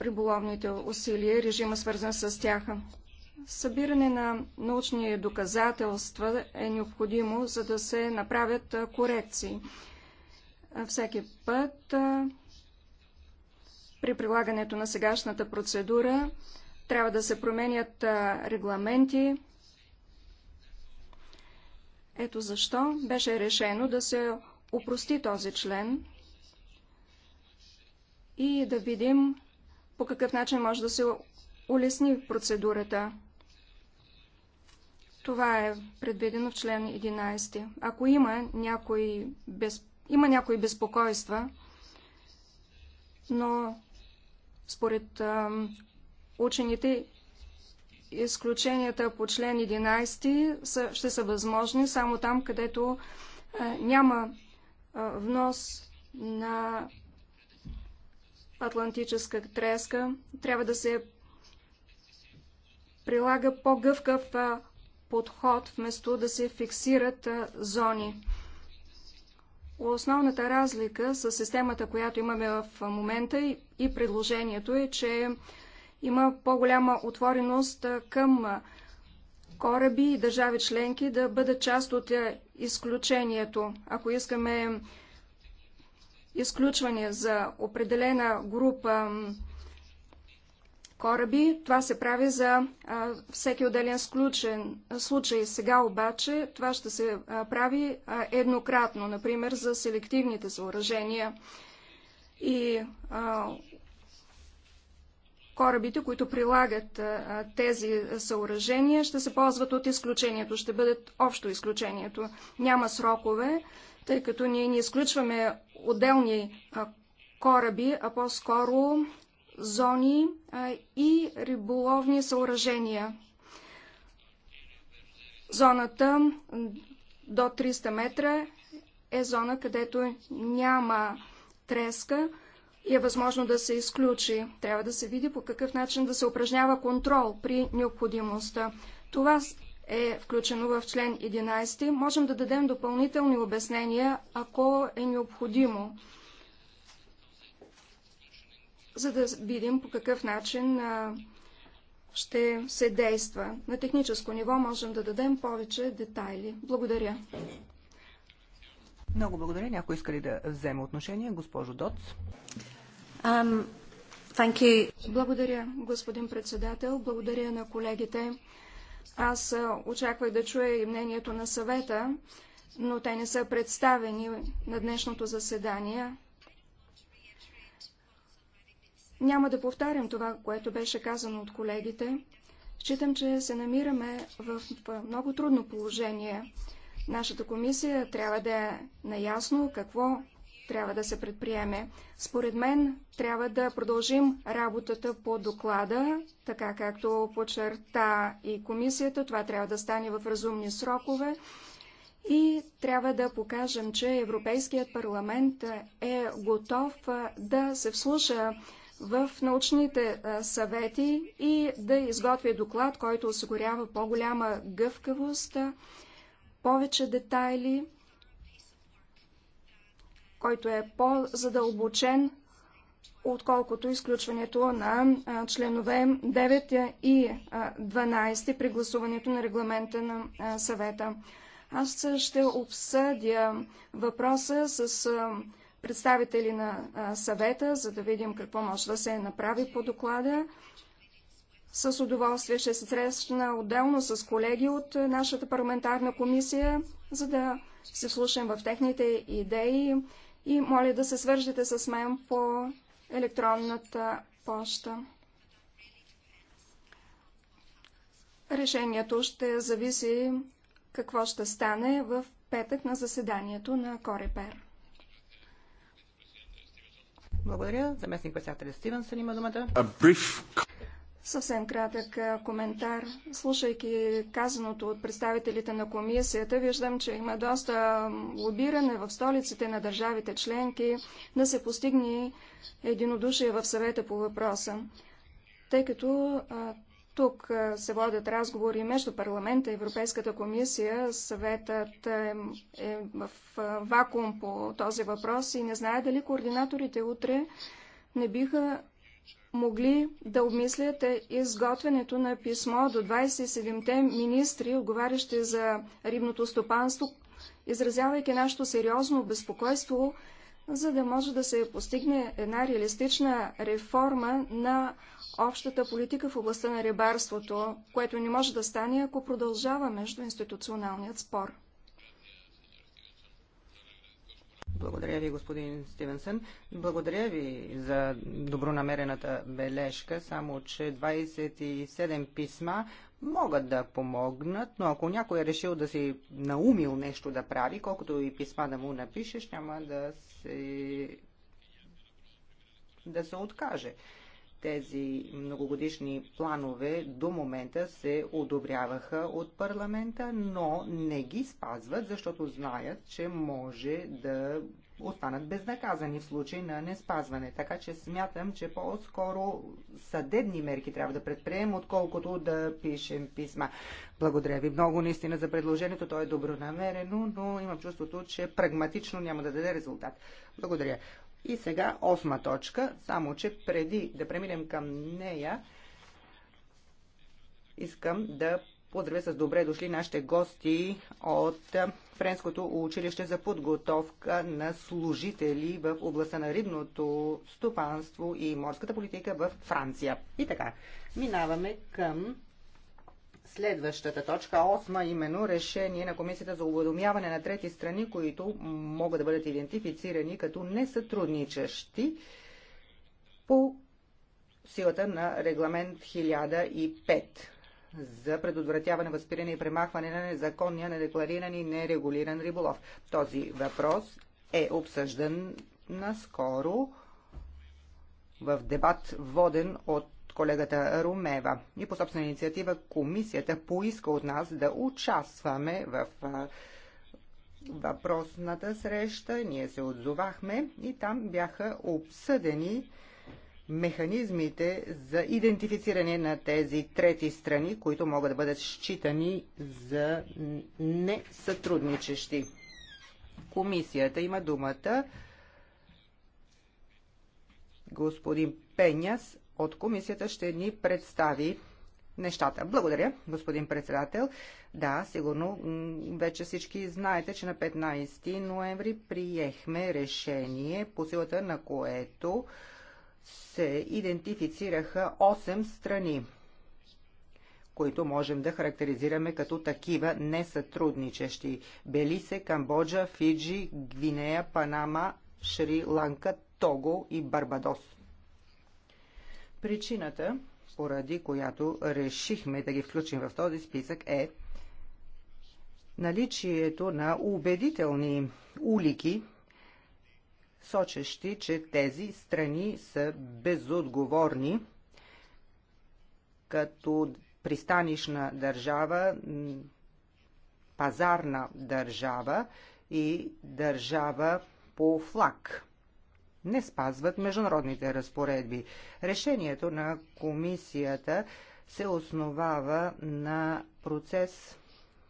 риболовните усилия и режима свързан с тях. Събиране на научни доказателства е необходимо, за да се направят корекции. Всеки път при прилагането на сегашната процедура трябва да се променят регламенти. Ето защо беше решено да се упрости този член и да видим по какъв начин може да се улесни процедурата. Това е предвидено в член 11. Ако има някои, без... има някои безпокойства, но според а, учените изключенията по член 11 са, ще са възможни само там, където а, няма внос на атлантическа треска. Трябва да се прилага по-гъвкав подход, вместо да се фиксират зони. Основната разлика с системата, която имаме в момента и предложението е, че има по-голяма отвореност към кораби и държави членки да бъдат част от изключението. Ако искаме изключване за определена група кораби, това се прави за всеки отделен сключен случай. Сега обаче това ще се прави еднократно, например за селективните съоръжения. И корабите, които прилагат тези съоръжения, ще се ползват от изключението, ще бъдат общо изключението. Няма срокове, тъй като ние не изключваме отделни кораби, а по-скоро зони и риболовни съоръжения. Зоната до 300 метра е зона, където няма треска, и е възможно да се изключи. Трябва да се види по какъв начин да се упражнява контрол при необходимостта. Това е включено в член 11. Можем да дадем допълнителни обяснения, ако е необходимо, за да видим по какъв начин ще се действа. На техническо ниво можем да дадем повече детайли. Благодаря. Много благодаря. Някой иска ли да вземе отношение? Госпожо Доц. Um, благодаря, господин председател. Благодаря на колегите. Аз очаквах да чуя и мнението на съвета, но те не са представени на днешното заседание. Няма да повтарям това, което беше казано от колегите. Считам, че се намираме в много трудно положение. Нашата комисия трябва да е наясно какво трябва да се предприеме. Според мен трябва да продължим работата по доклада, така както почерта и комисията. Това трябва да стане в разумни срокове. И трябва да покажем, че Европейският парламент е готов да се вслуша в научните съвети и да изготви доклад, който осигурява по-голяма гъвкавост повече детайли, който е по-задълбочен, отколкото изключването на членове 9 и 12 при гласуването на регламента на съвета. Аз ще обсъдя въпроса с представители на съвета, за да видим какво може да се направи по доклада. С удоволствие ще се срещна отделно с колеги от нашата парламентарна комисия, за да се слушам в техните идеи и моля да се свържете с мен по електронната почта. Решението ще зависи какво ще стане в петък на заседанието на Корепер. Благодаря. Заместник председателя Стивенсън има думата. Съвсем кратък коментар. Слушайки казаното от представителите на комисията, виждам, че има доста лобиране в столиците на държавите членки да се постигне единодушие в съвета по въпроса. Тъй като тук се водят разговори между парламента и Европейската комисия, съветът е в вакуум по този въпрос и не знае дали координаторите утре не биха могли да обмислят изготвянето на писмо до 27-те министри, отговарящи за рибното стопанство, изразявайки нашето сериозно безпокойство, за да може да се постигне една реалистична реформа на общата политика в областта на рибарството, което не може да стане, ако продължава междуинституционалният спор. Благодаря ви, господин Стивенсън. Благодаря ви за добронамерената бележка, само че 27 писма могат да помогнат, но ако някой е решил да си наумил нещо да прави, колкото и писма да му напишеш, няма да се да се откаже тези многогодишни планове до момента се одобряваха от парламента, но не ги спазват, защото знаят, че може да останат безнаказани в случай на неспазване. Така че смятам, че по-скоро съдебни мерки трябва да предприемем, отколкото да пишем писма. Благодаря ви много наистина за предложението. То е добронамерено, но имам чувството, че прагматично няма да даде резултат. Благодаря. И сега осма точка, само че преди да преминем към нея, искам да поздравя с добре дошли нашите гости от Френското училище за подготовка на служители в областта на рибното стопанство и морската политика в Франция. И така, минаваме към следващата точка, 8, именно решение на Комисията за уведомяване на трети страни, които могат да бъдат идентифицирани като несътрудничащи по силата на регламент 1005 за предотвратяване, възпиране и премахване на незаконния, недеклариран и нерегулиран риболов. Този въпрос е обсъждан наскоро в дебат, воден от колегата Румева. И по собствена инициатива комисията поиска от нас да участваме в въпросната среща. Ние се отзовахме и там бяха обсъдени механизмите за идентифициране на тези трети страни, които могат да бъдат считани за несътрудничещи. Комисията има думата господин Пеняс от комисията ще ни представи нещата. Благодаря, господин председател. Да, сигурно вече всички знаете, че на 15 ноември приехме решение, по силата на което се идентифицираха 8 страни, които можем да характеризираме като такива несътрудничещи. Белисе, Камбоджа, Фиджи, Гвинея, Панама, Шри-Ланка, Того и Барбадос. Причината, поради която решихме да ги включим в този списък е наличието на убедителни улики, сочещи, че тези страни са безотговорни като пристанишна държава, пазарна държава и държава по флаг не спазват международните разпоредби. Решението на комисията се основава на процес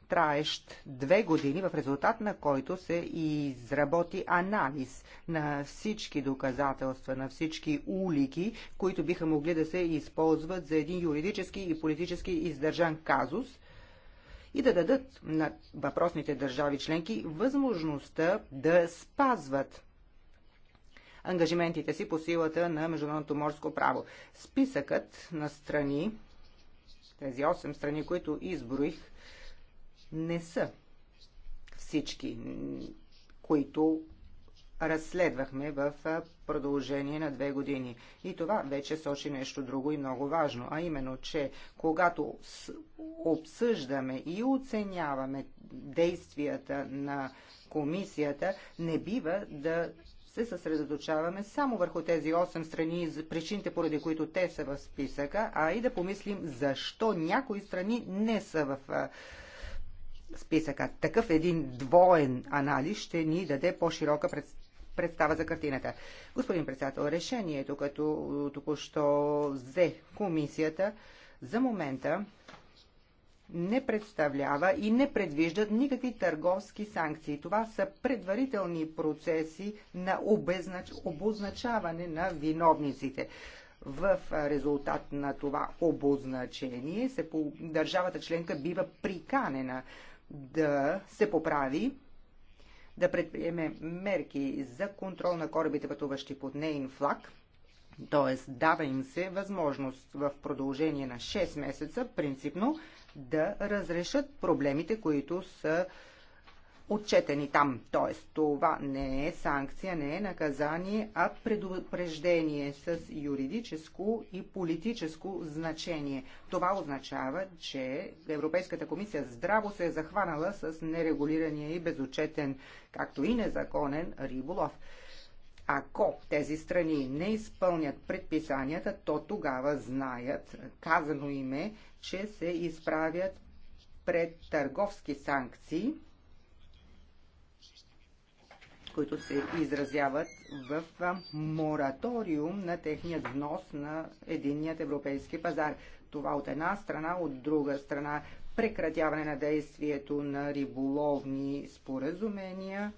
траещ две години, в резултат на който се изработи анализ на всички доказателства, на всички улики, които биха могли да се използват за един юридически и политически издържан казус и да дадат на въпросните държави членки възможността да спазват ангажиментите си по силата на международното морско право. Списъкът на страни, тези 8 страни, които изброих, не са всички, които разследвахме в продължение на две години. И това вече сочи нещо друго и много важно, а именно, че когато обсъждаме и оценяваме действията на комисията, не бива да се съсредоточаваме само върху тези 8 страни и причините, поради които те са в списъка, а и да помислим защо някои страни не са в списъка. Такъв един двоен анализ ще ни даде по-широка представа за картината. Господин председател, решението, като току-що взе комисията, за момента не представлява и не предвиждат никакви търговски санкции. Това са предварителни процеси на обезнач... обозначаване на виновниците. В резултат на това обозначение се по... държавата членка бива приканена да се поправи, да предприеме мерки за контрол на корабите, пътуващи под нейн флаг – т.е. дава им се възможност в продължение на 6 месеца, принципно, да разрешат проблемите, които са отчетени там. Т.е. това не е санкция, не е наказание, а предупреждение с юридическо и политическо значение. Това означава, че Европейската комисия здраво се е захванала с нерегулирания и безучетен, както и незаконен риболов. Ако тези страни не изпълнят предписанията, то тогава знаят, казано им е, че се изправят пред търговски санкции, които се изразяват в мораториум на техния внос на единният европейски пазар. Това от една страна, от друга страна прекратяване на действието на риболовни споразумения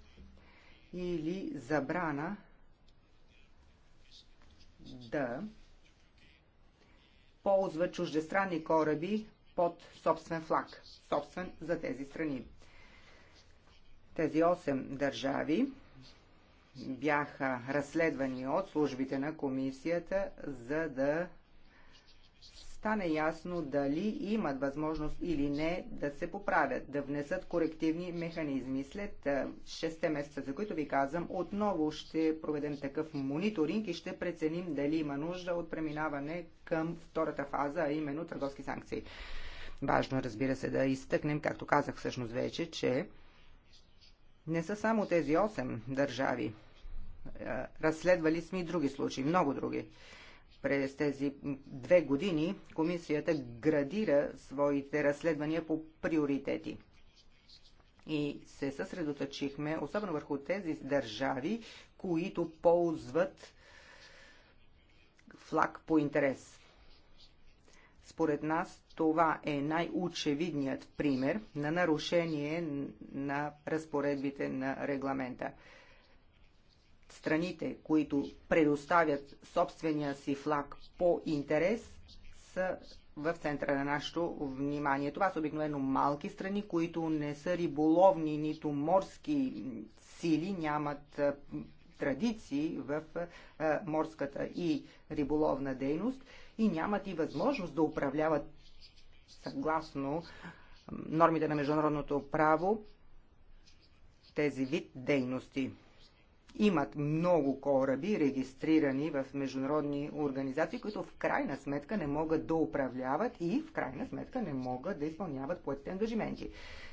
или забрана да ползва чуждестранни кораби под собствен флаг, собствен за тези страни. Тези 8 държави бяха разследвани от службите на комисията, за да стане ясно дали имат възможност или не да се поправят, да внесат корективни механизми. След 6 е, месеца, за които ви казвам, отново ще проведем такъв мониторинг и ще преценим дали има нужда от преминаване към втората фаза, а именно търговски санкции. Важно, разбира се, да изтъкнем, както казах всъщност вече, че не са само тези 8 държави. Е, разследвали сме и други случаи, много други. През тези две години комисията градира своите разследвания по приоритети и се съсредоточихме особено върху тези държави, които ползват флаг по интерес. Според нас това е най-очевидният пример на нарушение на разпоредбите на регламента. Страните, които предоставят собствения си флаг по интерес, са в центъра на нашето внимание. Това са обикновено малки страни, които не са риболовни, нито морски сили, нямат традиции в морската и риболовна дейност и нямат и възможност да управляват съгласно нормите на международното право тези вид дейности имат много кораби, регистрирани в международни организации, които в крайна сметка не могат да управляват и в крайна сметка не могат да изпълняват поетите ангажименти.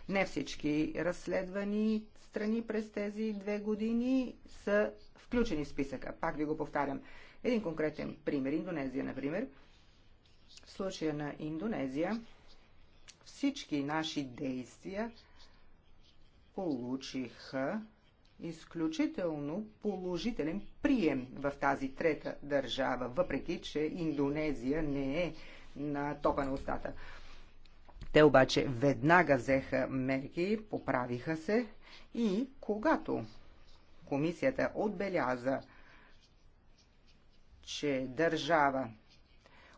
Не всички разследвани страни през тези две години са включени в списъка. Пак ви го повтарям. Един конкретен пример. Индонезия, например. В случая на Индонезия всички наши действия получиха изключително положителен прием в тази трета държава, въпреки че Индонезия не е на топа на устата. Те обаче веднага взеха мерки, поправиха се и когато комисията отбеляза, че държава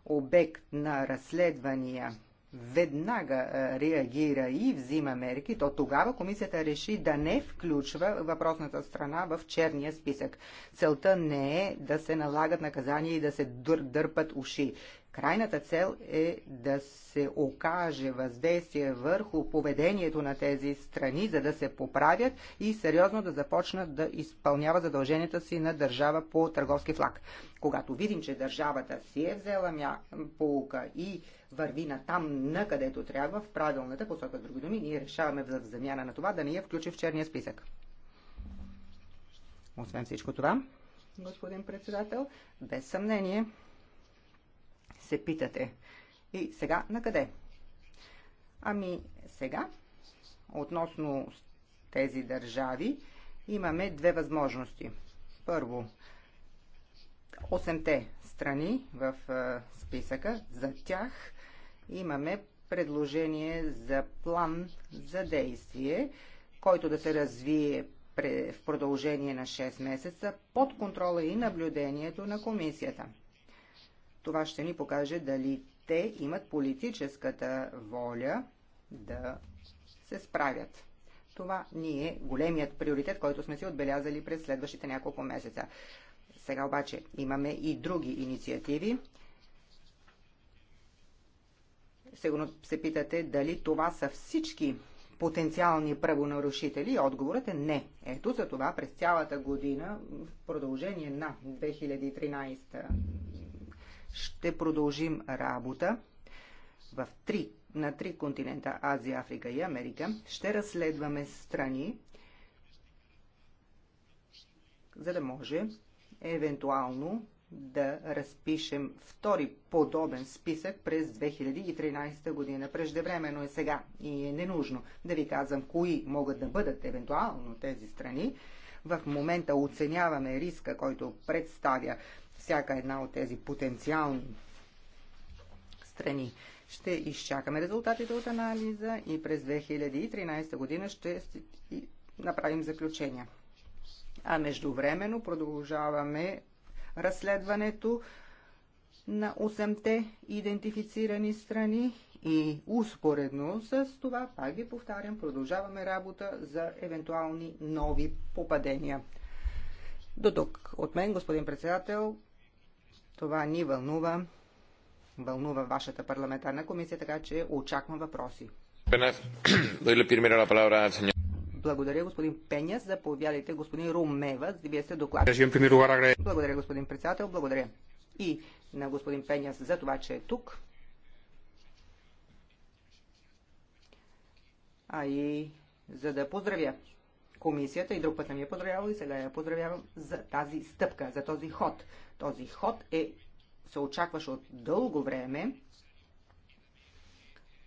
обект на разследвания веднага реагира и взима мерки, то тогава комисията реши да не включва въпросната страна в черния списък. Целта не е да се налагат наказания и да се дър, дърпат уши. Крайната цел е да се окаже въздействие върху поведението на тези страни, за да се поправят и сериозно да започнат да изпълнява задълженията си на държава по търговски флаг. Когато видим, че държавата си е взела мя... полука и върви на там, на където трябва, в правилната посока. С други думи, ние решаваме в замяна на това да не я включи в черния списък. Освен всичко това, господин председател, без съмнение се питате. И сега на къде? Ами сега, относно тези държави, имаме две възможности. Първо, 8-те страни в списъка, за тях имаме предложение за план за действие, който да се развие в продължение на 6 месеца под контрола и наблюдението на комисията. Това ще ни покаже дали те имат политическата воля да се справят. Това ни е големият приоритет, който сме си отбелязали през следващите няколко месеца. Сега обаче имаме и други инициативи. Сигурно се питате дали това са всички потенциални правонарушители? Отговорът е не. Ето за това през цялата година, в продължение на 2013, ще продължим работа в три, на три континента Азия, Африка и Америка. Ще разследваме страни, за да може евентуално да разпишем втори подобен списък през 2013 година. Преждевременно е сега и е ненужно да ви казвам кои могат да бъдат евентуално тези страни. В момента оценяваме риска, който представя всяка една от тези потенциални страни. Ще изчакаме резултатите от анализа и през 2013 година ще направим заключения. А междувременно продължаваме разследването на 8-те идентифицирани страни и успоредно с това, пак ви повтарям, продължаваме работа за евентуални нови попадения. До тук от мен, господин председател, това ни вълнува, вълнува вашата парламентарна комисия, така че очаквам въпроси. Благодаря, господин Пеня. Заповядайте, господин Румева. Вие сте доклад. Благодаря, господин председател. Благодаря и на господин Пеняс за това, че е тук. А и за да поздравя комисията и друг път не ми е поздравявал и сега я поздравявам за тази стъпка, за този ход. Този ход е, се очакваш от дълго време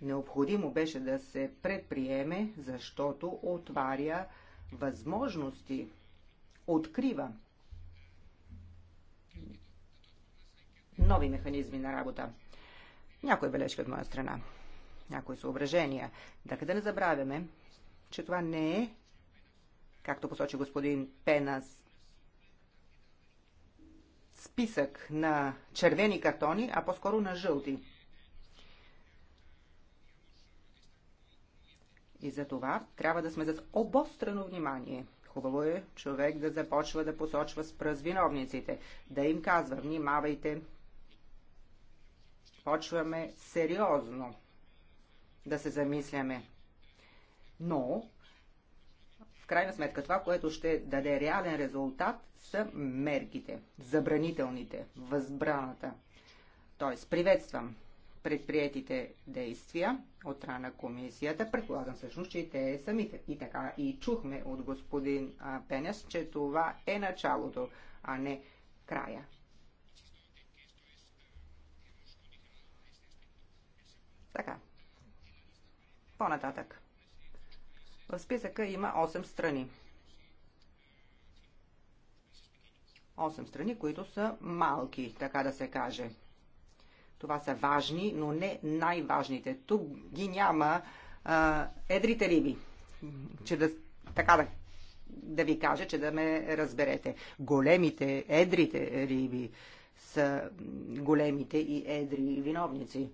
Необходимо беше да се предприеме, защото отваря възможности, открива нови механизми на работа. Някои бележки от моя страна, някои съображения. Нека да не забравяме, че това не е, както посочи господин Пенас, списък на червени картони, а по-скоро на жълти. И за това трябва да сме с обострено внимание. Хубаво е човек да започва да посочва с пръз виновниците, да им казва, внимавайте, почваме сериозно да се замисляме. Но, в крайна сметка, това, което ще даде реален резултат, са мерките, забранителните, възбраната. Тоест, приветствам предприетите действия от страна на комисията. Предполагам всъщност, че и те самите. И така и чухме от господин Пенес, че това е началото, а не края. Така. По-нататък. В списъка има 8 страни. 8 страни, които са малки, така да се каже. Това са важни, но не най-важните. Тук ги няма а, едрите риби, че да, така да, да ви кажа, че да ме разберете. Големите, едрите риби са големите и едри виновници.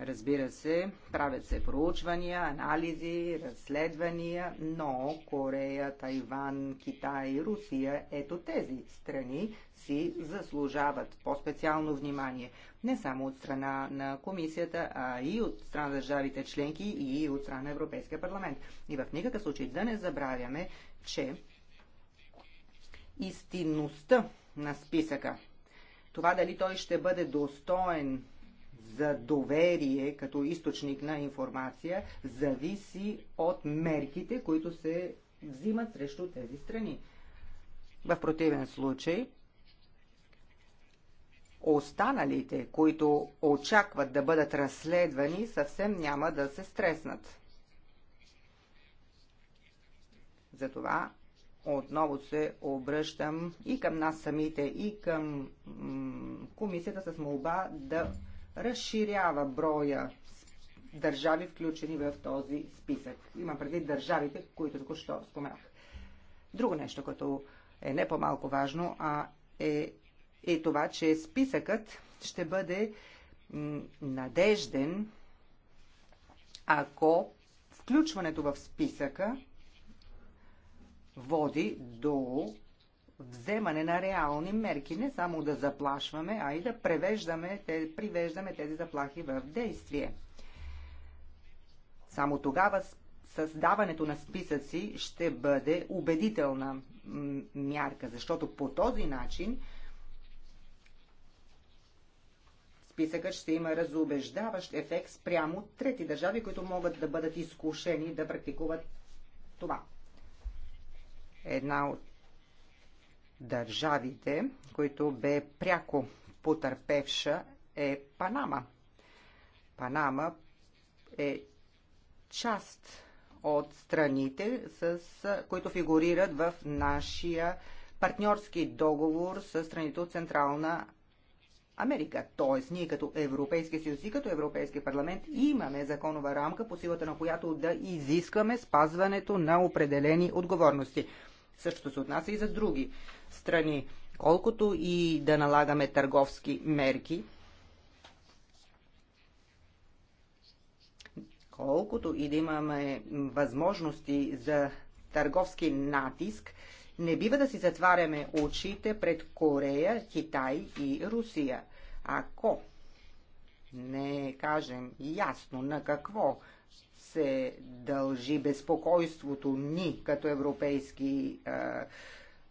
Разбира се, правят се проучвания, анализи, разследвания, но Корея, Тайван, Китай Русия, ето тези страни си заслужават по-специално внимание. Не само от страна на комисията, а и от страна на държавите членки и от страна на Европейския парламент. И в никакъв случай да не забравяме, че истинността на списъка, това дали той ще бъде достоен за доверие като източник на информация зависи от мерките, които се взимат срещу тези страни. В противен случай, останалите, които очакват да бъдат разследвани, съвсем няма да се стреснат. Затова отново се обръщам и към нас самите, и към комисията с молба да разширява броя държави, включени в този списък. Имам предвид държавите, които току-що споменах. Друго нещо, което е не по-малко важно, а е, е това, че списъкът ще бъде надежден, ако включването в списъка води до вземане на реални мерки, не само да заплашваме, а и да превеждаме, те, привеждаме тези заплахи в действие. Само тогава създаването на списъци ще бъде убедителна мярка, защото по този начин списъкът ще има разубеждаващ ефект спрямо трети държави, които могат да бъдат изкушени да практикуват това. Една от държавите, които бе пряко потърпевша, е Панама. Панама е част от страните, с, които фигурират в нашия партньорски договор с страните от Централна Америка. Т.е. ние като Европейски съюз и като Европейски парламент имаме законова рамка, по силата на която да изискваме спазването на определени отговорности. Същото се отнася и за други страни. Колкото и да налагаме търговски мерки, колкото и да имаме възможности за търговски натиск, не бива да си затваряме очите пред Корея, Китай и Русия. Ако не кажем ясно на какво се дължи безпокойството ни като Европейски а,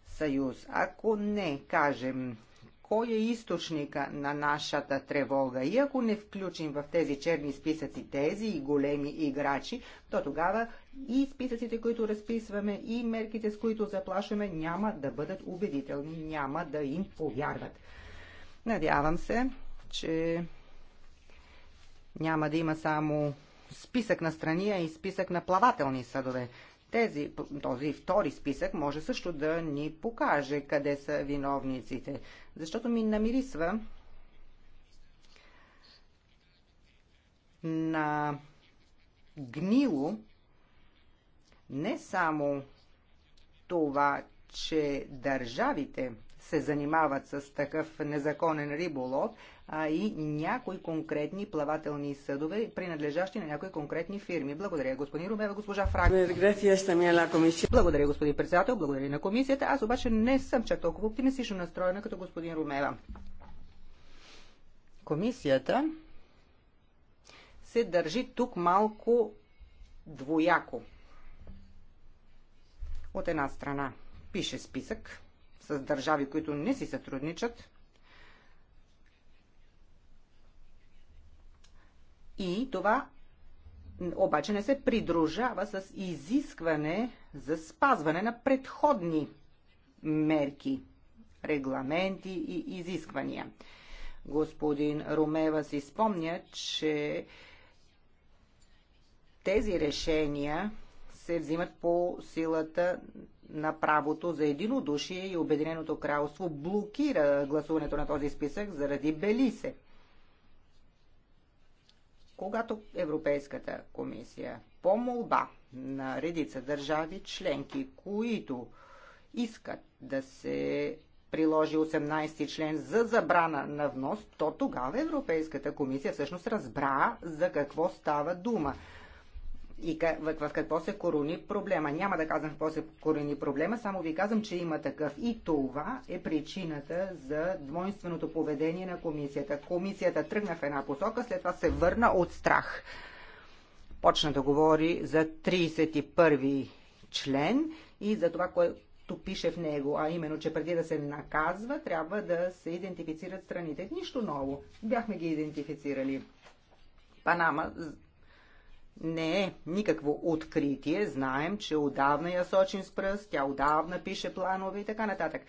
съюз? Ако не кажем кой е източника на нашата тревога и ако не включим в тези черни списъци тези и големи играчи, то тогава и списъците, които разписваме, и мерките, с които заплашваме, няма да бъдат убедителни, няма да им повярват. Надявам се, че няма да има само списък на страни, а и списък на плавателни съдове. Тези, този втори списък може също да ни покаже къде са виновниците, защото ми намирисва на гнило не само това, че държавите се занимават с такъв незаконен риболов, а и някои конкретни плавателни съдове, принадлежащи на някои конкретни фирми. Благодаря, господин Румева, госпожа Фрак. Благодаря, господин председател, благодаря на комисията. Аз обаче не съм чак толкова оптимистично настроена като господин Румева. Комисията се държи тук малко двояко. От една страна пише списък с държави, които не си сътрудничат, И това обаче не се придружава с изискване за спазване на предходни мерки, регламенти и изисквания. Господин Румева си спомня, че тези решения се взимат по силата на правото за единодушие и Обединеното кралство блокира гласуването на този списък заради Белисе. Когато Европейската комисия по молба на редица държави членки, които искат да се приложи 18 ти член за забрана на внос, то тогава Европейската комисия всъщност разбра за какво става дума и в, в какво се корони проблема. Няма да казвам в какво се корони проблема, само ви казвам, че има такъв. И това е причината за двойственото поведение на комисията. Комисията тръгна в една посока, след това се върна от страх. Почна да говори за 31 член и за това, което пише в него, а именно, че преди да се наказва, трябва да се идентифицират страните. Нищо ново. Бяхме ги идентифицирали. Панама не е никакво откритие. Знаем, че отдавна я сочим с пръст, тя отдавна пише планове и така нататък.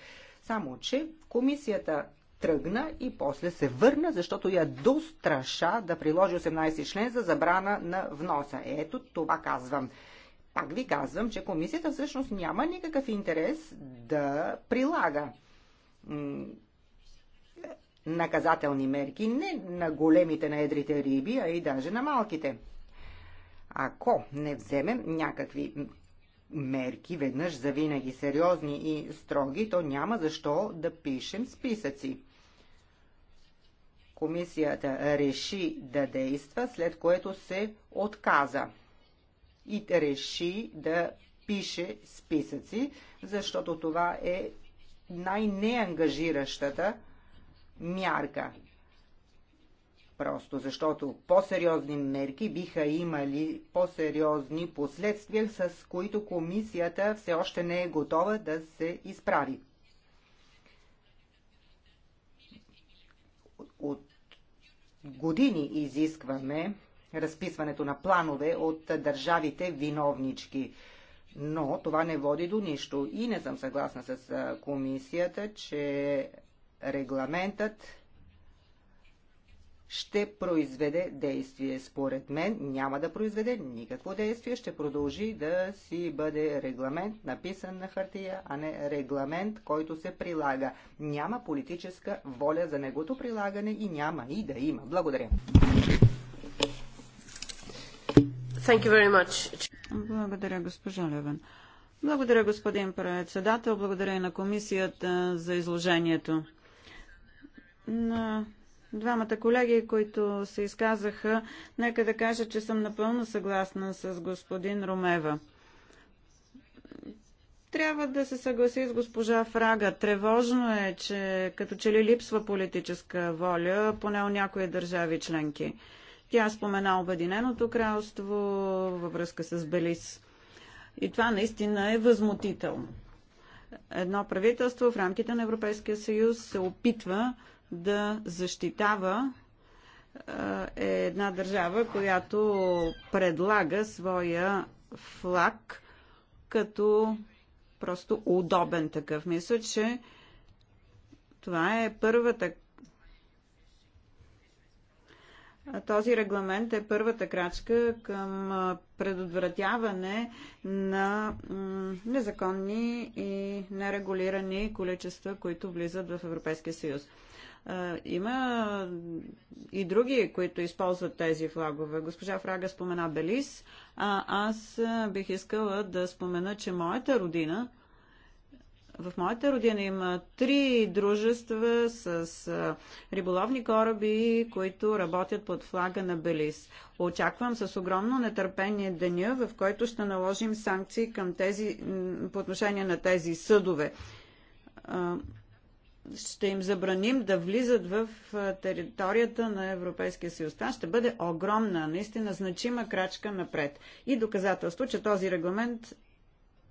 Само, че комисията тръгна и после се върна, защото я достраша да приложи 18 член за забрана на вноса. Ето това казвам. Пак ви казвам, че комисията всъщност няма никакъв интерес да прилага наказателни мерки не на големите, на едрите риби, а и даже на малките. Ако не вземем някакви мерки, веднъж за винаги сериозни и строги, то няма защо да пишем списъци. Комисията реши да действа, след което се отказа и реши да пише списъци, защото това е най-неангажиращата мярка. Просто защото по-сериозни мерки биха имали по-сериозни последствия, с които комисията все още не е готова да се изправи. От години изискваме разписването на планове от държавите виновнички. Но това не води до нищо и не съм съгласна с комисията, че регламентът ще произведе действие. Според мен няма да произведе никакво действие, ще продължи да си бъде регламент, написан на хартия, а не регламент, който се прилага. Няма политическа воля за негото прилагане и няма и да има. Благодаря. Thank you very much. Благодаря, госпожа Левен. Благодаря, господин председател. Благодаря и на комисията за изложението. На двамата колеги, които се изказаха, нека да кажа, че съм напълно съгласна с господин Ромева. Трябва да се съгласи с госпожа Фрага. Тревожно е, че като че ли липсва политическа воля, поне у някои държави членки. Тя спомена Обединеното кралство във връзка с Белис. И това наистина е възмутително. Едно правителство в рамките на Европейския съюз се опитва да защитава е една държава, която предлага своя флаг като просто удобен такъв. Мисля, че това е първата. Този регламент е първата крачка към предотвратяване на незаконни и нерегулирани количества, които влизат в Европейския съюз. Има и други, които използват тези флагове. Госпожа Фрага спомена Белис, а аз бих искала да спомена, че моята родина, в моята родина има три дружества с риболовни кораби, които работят под флага на Белис. Очаквам с огромно нетърпение деня, в който ще наложим санкции към тези, по отношение на тези съдове ще им забраним да влизат в територията на Европейския съюз. Това ще бъде огромна, наистина значима крачка напред и доказателство, че този регламент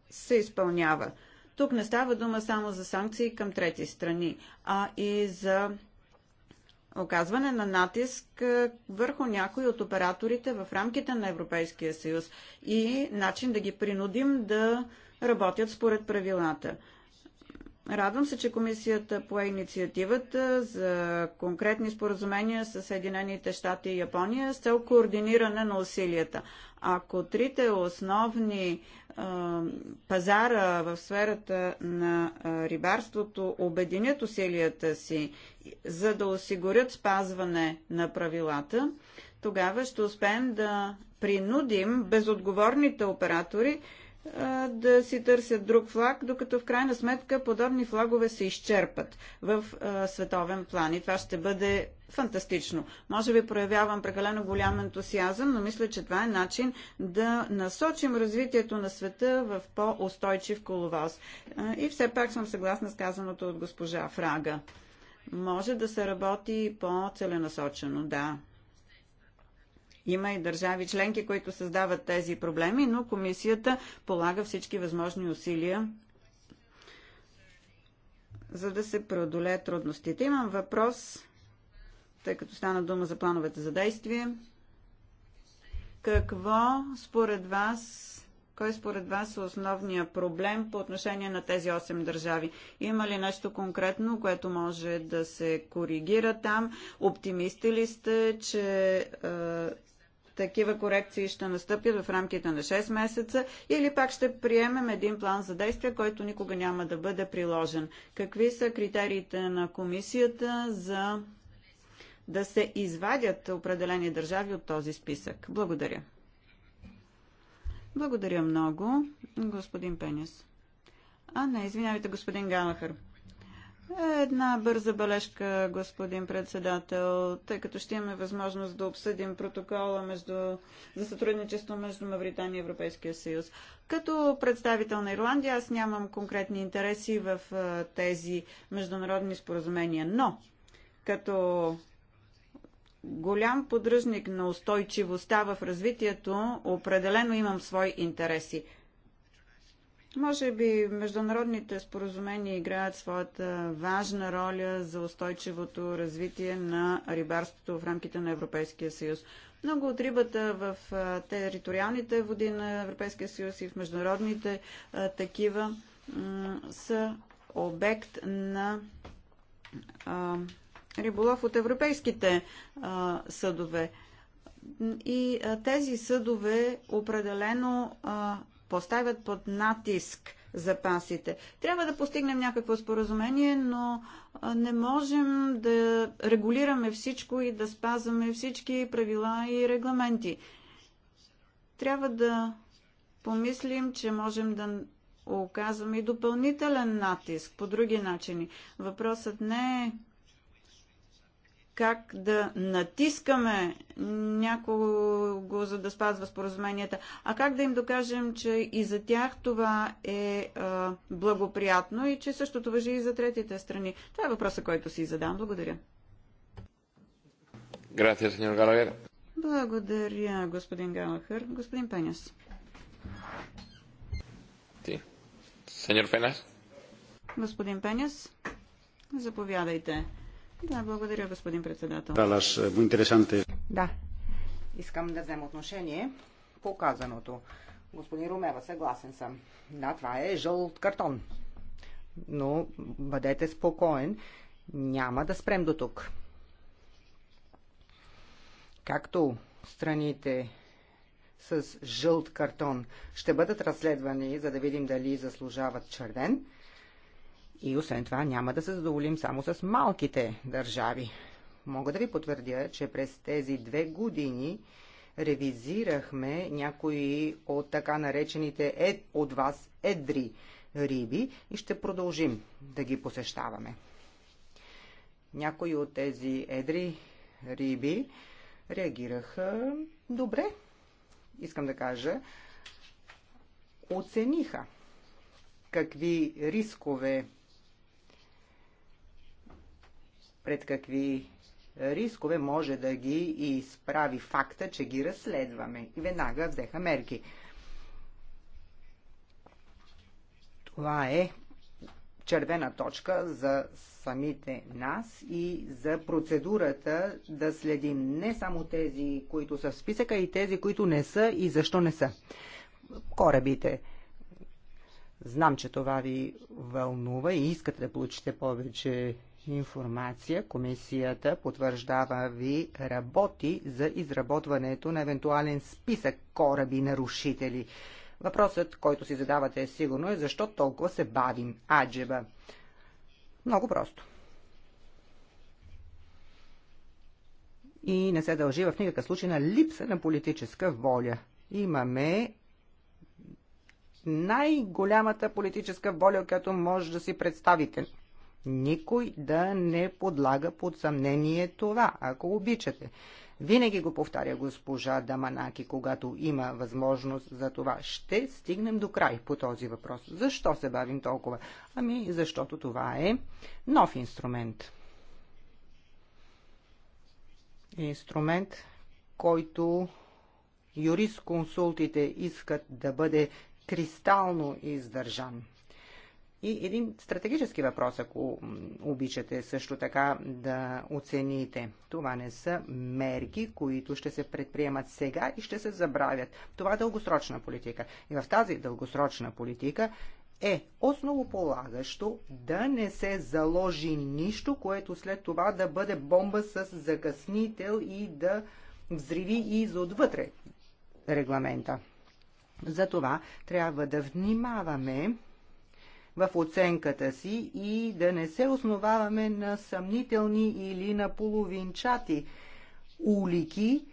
се изпълнява. Тук не става дума само за санкции към трети страни, а и за оказване на натиск върху някои от операторите в рамките на Европейския съюз и начин да ги принудим да работят според правилата. Радвам се, че комисията пое инициативата за конкретни споразумения с Съединените щати и Япония с цел координиране на усилията. Ако трите основни а, пазара в сферата на а, рибарството обединят усилията си, за да осигурят спазване на правилата, тогава ще успеем да принудим безотговорните оператори да си търсят друг флаг, докато в крайна сметка подобни флагове се изчерпат в световен план и това ще бъде фантастично. Може би проявявам прекалено голям ентусиазъм, но мисля, че това е начин да насочим развитието на света в по-устойчив коловоз. И все пак съм съгласна с казаното от госпожа Фрага. Може да се работи по-целенасочено, да. Има и държави членки, които създават тези проблеми, но комисията полага всички възможни усилия за да се преодолеят трудностите. Имам въпрос, тъй като стана дума за плановете за действие. Какво според вас, кой според вас е основният проблем по отношение на тези 8 държави? Има ли нещо конкретно, което може да се коригира там? Оптимисти ли сте, че е, такива корекции ще настъпят в рамките на 6 месеца или пак ще приемем един план за действие, който никога няма да бъде приложен. Какви са критериите на комисията за да се извадят определени държави от този списък? Благодаря. Благодаря много, господин Пенис. А, не, извинявайте, господин Галахър. Една бърза бележка, господин председател, тъй като ще имаме възможност да обсъдим протокола между, за сътрудничество между Мавритания и Европейския съюз. Като представител на Ирландия аз нямам конкретни интереси в тези международни споразумения, но като голям поддръжник на устойчивостта в развитието, определено имам свои интереси. Може би международните споразумения играят своята важна роля за устойчивото развитие на рибарството в рамките на Европейския съюз. Много от рибата в териториалните води на Европейския съюз и в международните такива са обект на риболов от европейските съдове. И тези съдове определено поставят под натиск запасите. Трябва да постигнем някакво споразумение, но не можем да регулираме всичко и да спазваме всички правила и регламенти. Трябва да помислим, че можем да оказваме и допълнителен натиск по други начини. Въпросът не е как да натискаме някого, за да спазва споразуменията, а как да им докажем, че и за тях това е а, благоприятно и че същото въжи и за третите страни. Това е въпросът, който си задам. Благодаря. Gracias, señor Галагер. Благодаря, господин Галахер. Господин Пеняс. Ти. Сеньор Пенес. Господин Пеняс, заповядайте. Да, благодаря, господин председател. Е, да, искам да взема отношение по казаното. Господин Румева, съгласен съм. Да, това е жълт картон. Но бъдете спокоен, няма да спрем до тук. Както страните с жълт картон ще бъдат разследвани, за да видим дали заслужават червен – и освен това няма да се задоволим само с малките държави. Мога да ви потвърдя, че през тези две години ревизирахме някои от така наречените е, от вас едри риби и ще продължим да ги посещаваме. Някои от тези едри риби реагираха добре, искам да кажа, оцениха какви рискове пред какви рискове може да ги изправи факта, че ги разследваме. И веднага взеха мерки. Това е червена точка за самите нас и за процедурата да следим не само тези, които са в списъка, и тези, които не са и защо не са. Корабите. Знам, че това ви вълнува и искате да получите повече информация, комисията, потвърждава ви, работи за изработването на евентуален списък кораби нарушители. Въпросът, който си задавате е сигурно е защо толкова се бавим, аджеба. Много просто. И не се дължи в никакъв случай на липса на политическа воля. Имаме най-голямата политическа воля, която може да си представите никой да не подлага под съмнение това, ако обичате. Винаги го повтаря госпожа Даманаки, когато има възможност за това. Ще стигнем до край по този въпрос. Защо се бавим толкова? Ами, защото това е нов инструмент. Инструмент, който юрисконсултите искат да бъде кристално издържан и един стратегически въпрос, ако обичате също така да оцените. Това не са мерки, които ще се предприемат сега и ще се забравят. Това е дългосрочна политика. И в тази дългосрочна политика е основополагащо да не се заложи нищо, което след това да бъде бомба с закъснител и да взриви и изотвътре регламента. Затова трябва да внимаваме в оценката си и да не се основаваме на съмнителни или на половинчати улики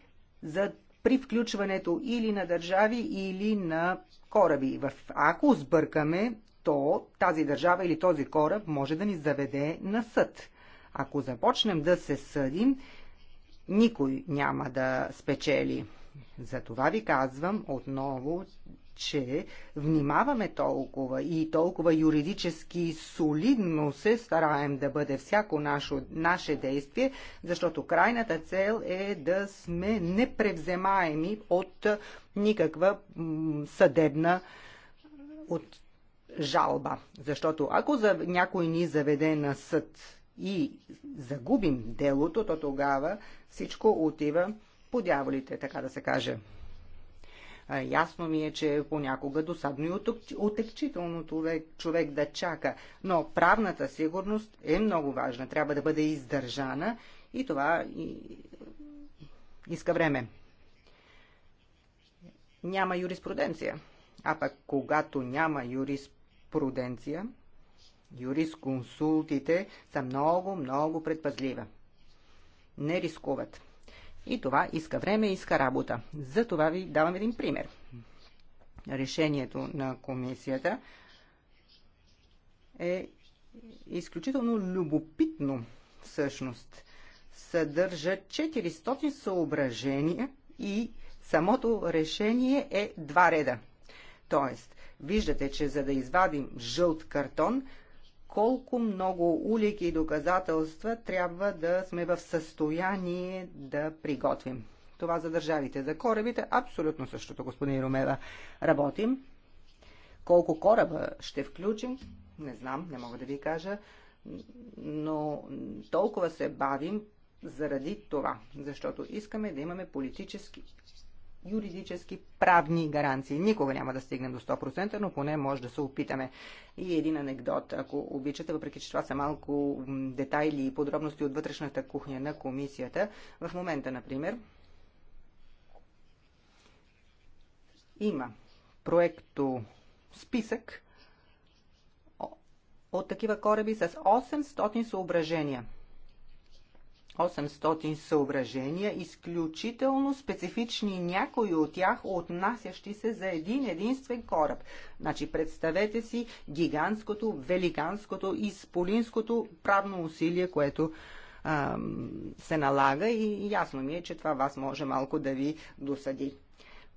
за при включването или на държави, или на кораби. Ако сбъркаме, то тази държава или този кораб може да ни заведе на съд. Ако започнем да се съдим, никой няма да спечели. Затова ви казвам отново, че внимаваме толкова и толкова юридически солидно се стараем да бъде всяко нашо, наше действие, защото крайната цел е да сме непревземаеми от никаква съдебна от жалба. Защото ако за някой ни заведе на съд и загубим делото, то тогава всичко отива по дяволите, така да се каже. Ясно ми е, че понякога досадно и отекчително човек да чака, но правната сигурност е много важна. Трябва да бъде издържана и това иска време. Няма юриспруденция. А пък когато няма юриспруденция, юрисконсултите са много, много предпазлива. Не рискуват. И това иска време, иска работа. За това ви давам един пример. Решението на комисията е изключително любопитно всъщност. Съдържа 400 съображения и самото решение е два реда. Тоест, виждате, че за да извадим жълт картон, колко много улики и доказателства трябва да сме в състояние да приготвим. Това за държавите, за корабите, абсолютно същото, господин Ромева. Работим. Колко кораба ще включим, не знам, не мога да ви кажа, но толкова се бавим заради това, защото искаме да имаме политически юридически правни гаранции. Никога няма да стигнем до 100%, но поне може да се опитаме. И един анекдот, ако обичате, въпреки че това са малко детайли и подробности от вътрешната кухня на комисията. В момента, например, има проекто списък от такива кораби с 800 съображения – 800 съображения, изключително специфични някои от тях, отнасящи се за един единствен кораб. Значи, представете си гигантското, великанското и сполинското правно усилие, което а, се налага и ясно ми е, че това вас може малко да ви досъди.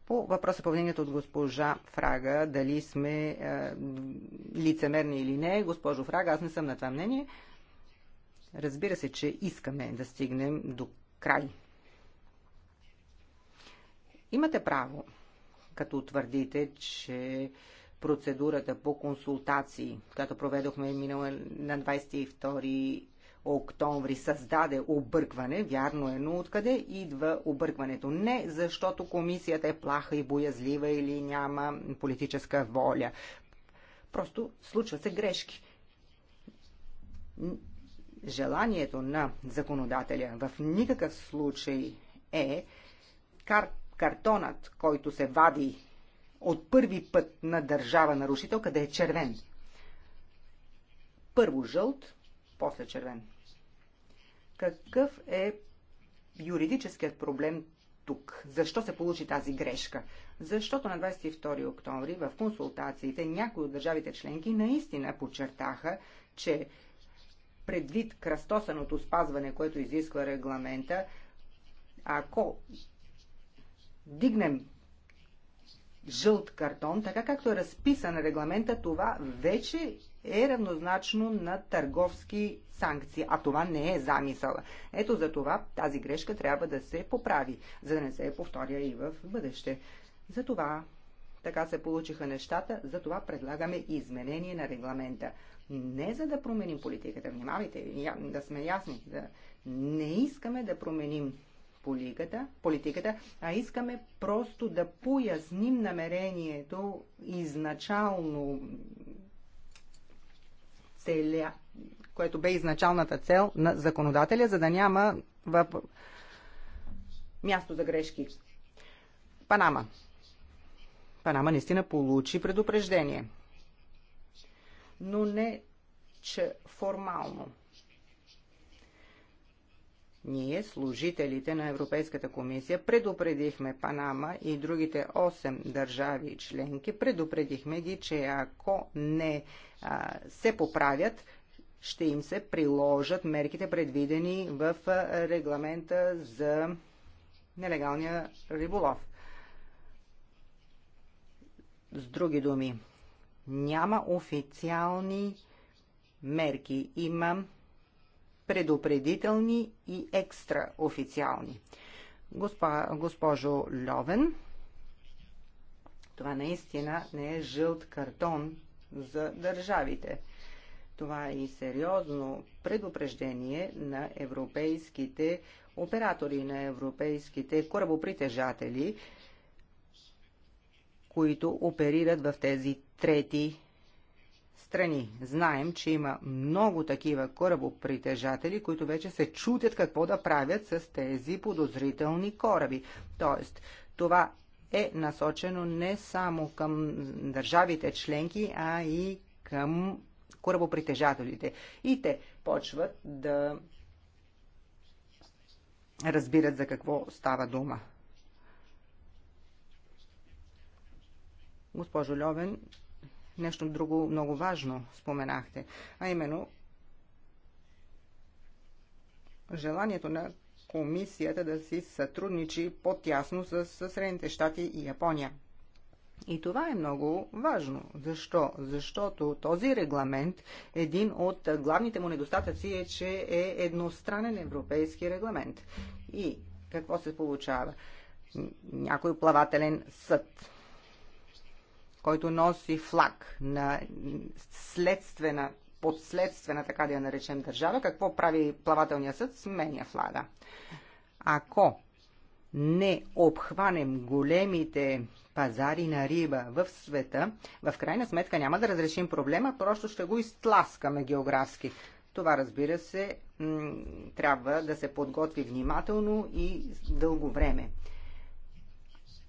По въпроса повдигнат от госпожа Фрага, дали сме е, лицемерни или не, госпожо Фрага, аз не съм на това мнение. Разбира се, че искаме да стигнем до край. Имате право, като твърдите, че процедурата по консултации, която проведохме минала на 22 октомври създаде объркване, вярно е, но откъде идва объркването? Не защото комисията е плаха и боязлива или няма политическа воля. Просто случват се грешки желанието на законодателя в никакъв случай е кар- картонът, който се вади от първи път на държава нарушителка да е червен. Първо жълт, после червен. Какъв е юридическият проблем тук? Защо се получи тази грешка? Защото на 22 октомври в консултациите някои от държавите членки наистина подчертаха, че предвид кръстосаното спазване, което изисква регламента, ако дигнем жълт картон, така както е разписан регламента, това вече е равнозначно на търговски санкции, а това не е замисъла. Ето за това тази грешка трябва да се поправи, за да не се повторя и в бъдеще. За това така се получиха нещата, за това предлагаме изменение на регламента. Не за да променим политиката, внимавайте, да сме ясни, да не искаме да променим политиката, политиката, а искаме просто да поясним намерението изначално целя, което бе изначалната цел на законодателя, за да няма в място за грешки. Панама. Панама наистина получи предупреждение но не че формално. Ние, служителите на Европейската комисия, предупредихме Панама и другите 8 държави членки, предупредихме ги, че ако не а, се поправят, ще им се приложат мерките предвидени в регламента за нелегалния риболов. С други думи, няма официални мерки. Има предупредителни и екстраофициални. Госпожо Льовен, това наистина не е жълт картон за държавите. Това е и сериозно предупреждение на европейските оператори, на европейските корабопритежатели, които оперират в тези трети страни. Знаем, че има много такива корабопритежатели, които вече се чудят какво да правят с тези подозрителни кораби. Тоест, това е насочено не само към държавите членки, а и към корабопритежателите. И те почват да разбират за какво става дума. Госпожо Льовен, нещо друго много важно споменахте, а именно желанието на комисията да си сътрудничи по-тясно с Средните щати и Япония. И това е много важно. Защо? Защото този регламент, един от главните му недостатъци е, че е едностранен европейски регламент. И какво се получава? Някой плавателен съд който носи флаг на следствена, подследствена, така да я наречем, държава, какво прави плавателния съд? Сменя флага. Ако не обхванем големите пазари на риба в света, в крайна сметка няма да разрешим проблема, просто ще го изтласкаме географски. Това, разбира се, трябва да се подготви внимателно и дълго време.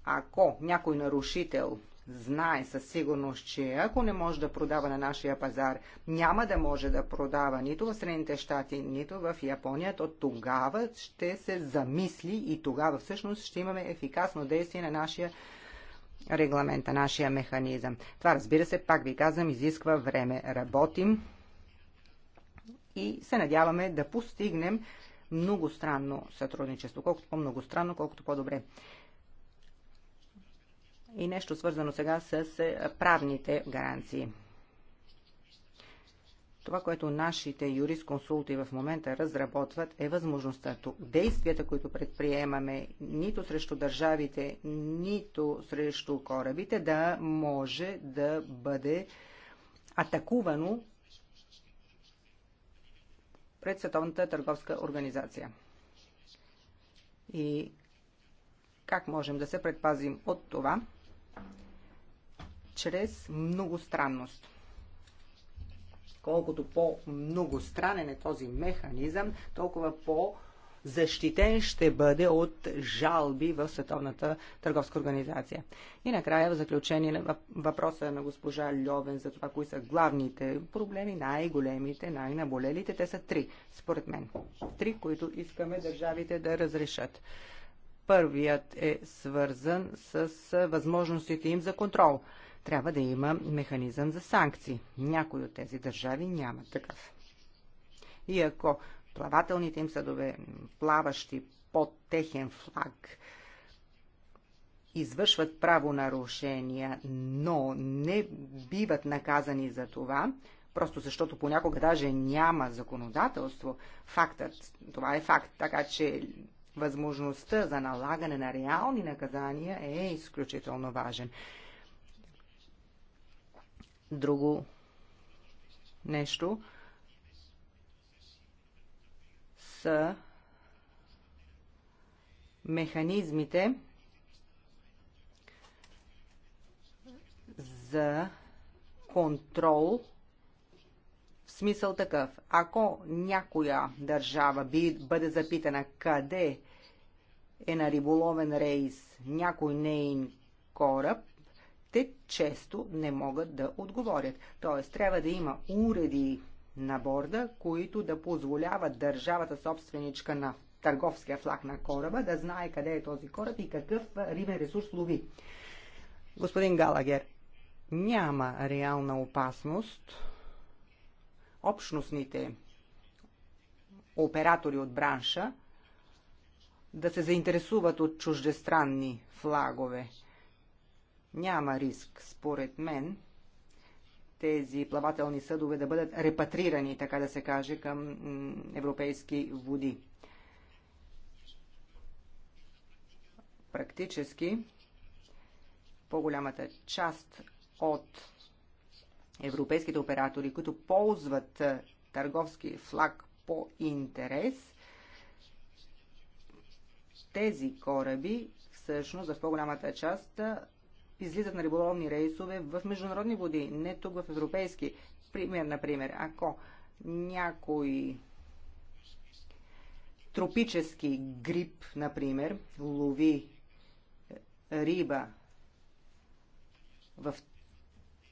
Ако някой нарушител знае със сигурност, че ако не може да продава на нашия пазар, няма да може да продава нито в Средните щати, нито в Япония, то тогава ще се замисли и тогава всъщност ще имаме ефикасно действие на нашия регламент, на нашия механизъм. Това, разбира се, пак ви казвам, изисква време. Работим и се надяваме да постигнем многостранно сътрудничество. Колкото по-многостранно, колкото по-добре. И нещо свързано сега с е, правните гаранции. Това, което нашите юрисконсулти в момента разработват е възможността действията, които предприемаме нито срещу държавите, нито срещу корабите, да може да бъде атакувано пред Световната търговска организация. И как можем да се предпазим от това? чрез многостранност. Колкото по-многостранен е този механизъм, толкова по- защитен ще бъде от жалби в Световната търговска организация. И накрая, в заключение на въпроса на госпожа Льовен за това, кои са главните проблеми, най-големите, най-наболелите, те са три, според мен. Три, които искаме държавите да разрешат. Първият е свързан с възможностите им за контрол трябва да има механизъм за санкции. Някои от тези държави няма такъв. И ако плавателните им съдове, плаващи под техен флаг, извършват правонарушения, но не биват наказани за това, просто защото понякога даже няма законодателство, фактът, това е факт, така че възможността за налагане на реални наказания е изключително важен друго нещо са механизмите за контрол в смисъл такъв. Ако някоя държава би, бъде запитана къде е на риболовен рейс някой нейн кораб, те често не могат да отговорят. Т.е. трябва да има уреди на борда, които да позволяват държавата собственичка на търговския флаг на кораба да знае къде е този кораб и какъв рибен ресурс лови. Господин Галагер, няма реална опасност общностните оператори от бранша да се заинтересуват от чуждестранни флагове няма риск, според мен, тези плавателни съдове да бъдат репатрирани, така да се каже, към европейски води. Практически, по-голямата част от европейските оператори, които ползват търговски флаг по интерес, тези кораби всъщност в по-голямата част излизат на риболовни рейсове в международни води, не тук в европейски. Пример, например, ако някой тропически грип, например, лови риба в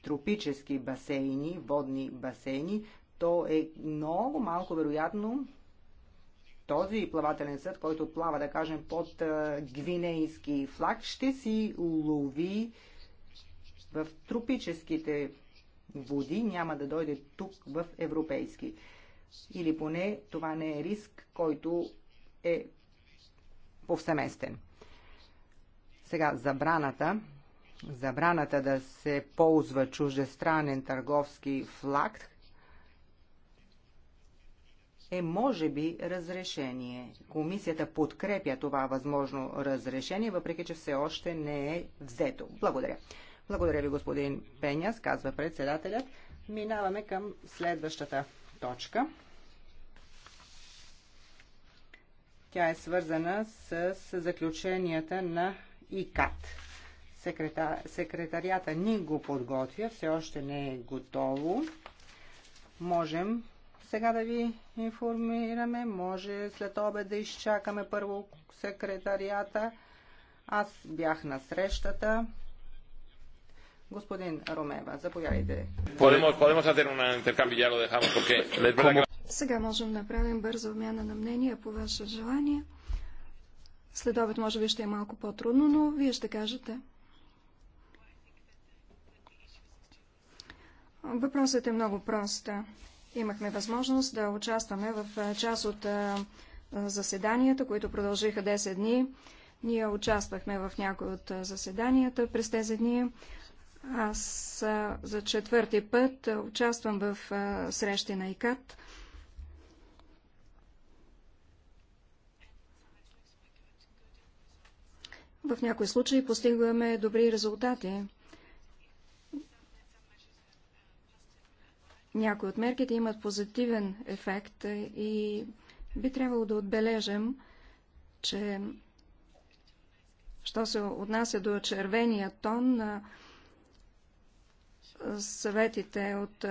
тропически басейни, водни басейни, то е много малко вероятно този плавателен съд, който плава, да кажем, под гвинейски флаг, ще си лови в тропическите води, няма да дойде тук в европейски. Или поне това не е риск, който е повсеместен. Сега забраната забраната да се ползва чуждестранен търговски флаг е може би разрешение. Комисията подкрепя това възможно разрешение, въпреки че все още не е взето. Благодаря. Благодаря ви, господин Пеняс, казва председателят. Минаваме към следващата точка. Тя е свързана с заключенията на ИКАТ. Секретар... Секретарията ни го подготвя, все още не е готово. Можем сега да ви информираме. Може след обед да изчакаме първо секретарията. Аз бях на срещата. Господин Ромева, заповядайте. Сега можем да направим бърза обмяна на мнения по ваше желание. След обед може би ще е малко по-трудно, но вие ще кажете. Въпросът е много прост. Имахме възможност да участваме в част от заседанията, които продължиха 10 дни. Ние участвахме в някои от заседанията през тези дни. Аз за четвърти път участвам в срещи на ИКАТ. В някои случаи постигваме добри резултати. Някои от мерките имат позитивен ефект и би трябвало да отбележим, че що се отнася до червения тон на съветите от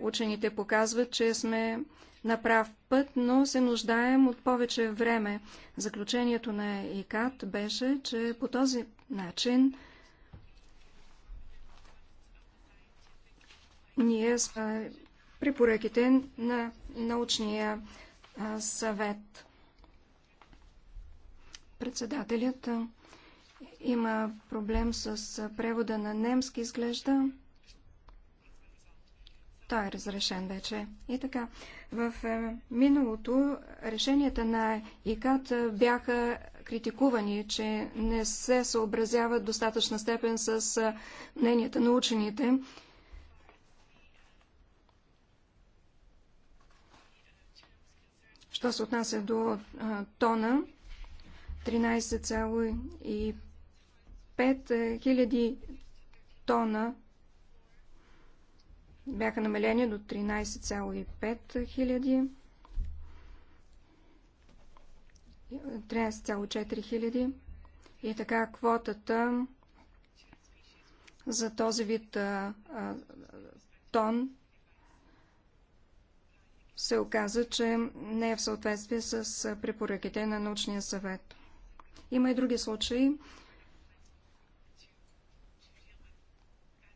учените показват, че сме на прав път, но се нуждаем от повече време. Заключението на ИКАТ беше, че по този начин ние сме препоръките на научния съвет. Председателят има проблем с превода на немски, изглежда. Той е разрешен вече. И така, в е, миналото решенията на ИКАТ бяха критикувани, че не се съобразяват достатъчна степен с мненията на учените. Що се отнася до а, тона, 13,5 е, хиляди тона бяха намалени до 13,5 хиляди. 13,4 хиляди. И така квотата за този вид а, а, тон се оказа, че не е в съответствие с препоръките на научния съвет. Има и други случаи,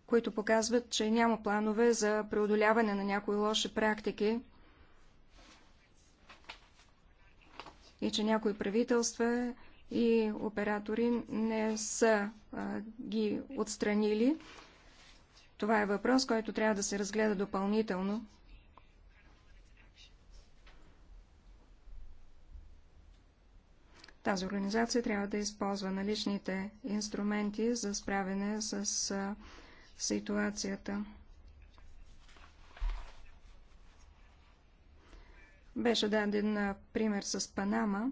които показват, че няма планове за преодоляване на някои лоши практики и че някои правителства и оператори не са а, ги отстранили. Това е въпрос, който трябва да се разгледа допълнително. Тази организация трябва да използва наличните инструменти за справяне с ситуацията. Беше даден пример с Панама.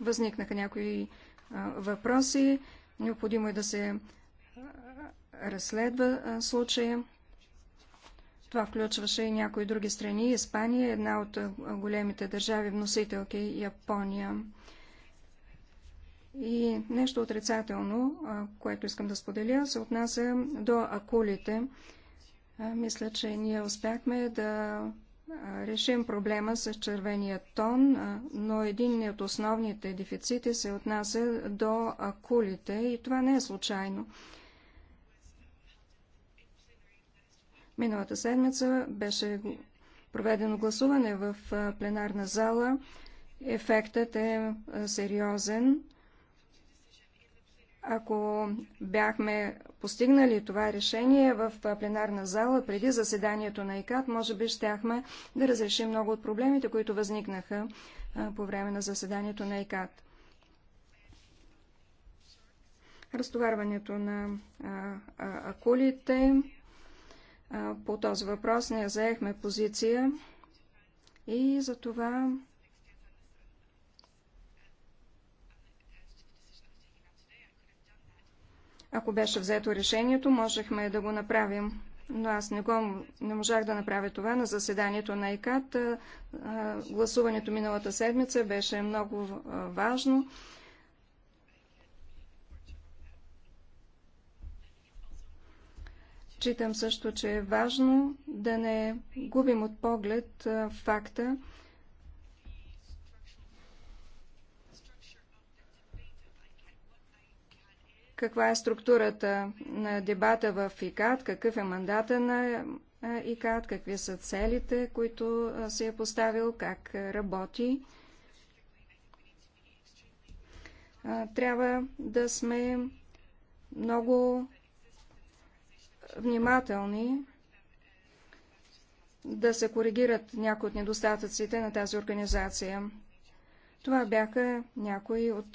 Възникнаха някои въпроси. Необходимо е да се разследва случая. Това включваше и някои други страни. Испания е една от големите държави, вносителки Япония. И нещо отрицателно, което искам да споделя, се отнася до акулите. Мисля, че ние успяхме да решим проблема с червения тон, но един от основните дефицити се отнася до акулите и това не е случайно. Миналата седмица беше проведено гласуване в пленарна зала. Ефектът е сериозен. Ако бяхме постигнали това решение в пленарна зала преди заседанието на ИКАТ, може би щяхме да разрешим много от проблемите, които възникнаха по време на заседанието на ИКАТ. Разтоварването на акулите, по този въпрос ние заехме позиция и за това Ако беше взето решението, можехме да го направим. Но аз не, го, не можах да направя това на заседанието на ИКАТ. Гласуването миналата седмица беше много важно. Считам също, че е важно да не губим от поглед факта, каква е структурата на дебата в ИКАД, какъв е мандата на ИКАД, какви са целите, които се е поставил, как работи. Трябва да сме много внимателни да се коригират някои от недостатъците на тази организация. Това бяха някои от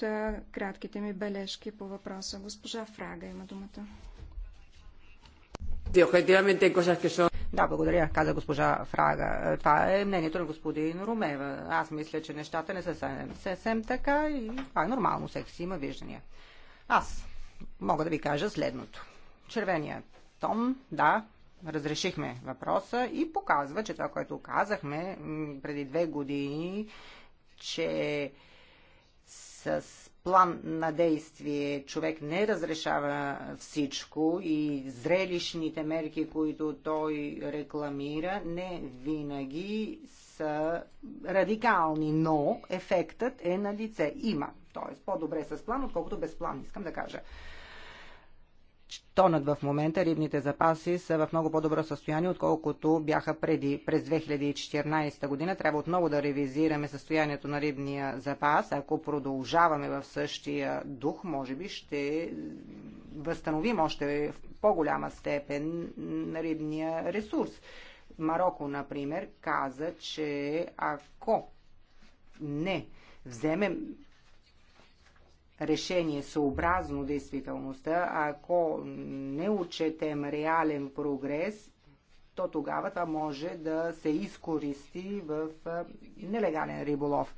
кратките ми бележки по въпроса. Госпожа Фрага има думата. Да, благодаря, каза госпожа Фрага. Е, това е мнението на господин Румева. Аз мисля, че нещата не са съвсем, съвсем така и това е нормално, всеки си има виждания. Аз мога да ви кажа следното. Червеният Том, да, разрешихме въпроса и показва, че това, което казахме преди две години, че с план на действие човек не разрешава всичко и зрелищните мерки, които той рекламира, не винаги са радикални, но ефектът е на лице. Има. Тоест, по-добре с план, отколкото без план, искам да кажа тонат в момента. Рибните запаси са в много по-добро състояние, отколкото бяха преди през 2014 година. Трябва отново да ревизираме състоянието на рибния запас. Ако продължаваме в същия дух, може би ще възстановим още в по-голяма степен рибния ресурс. Марокко, например, каза, че ако не вземем решение съобразно действителността, ако не учетем реален прогрес, то тогава това може да се изкористи в нелегален риболов.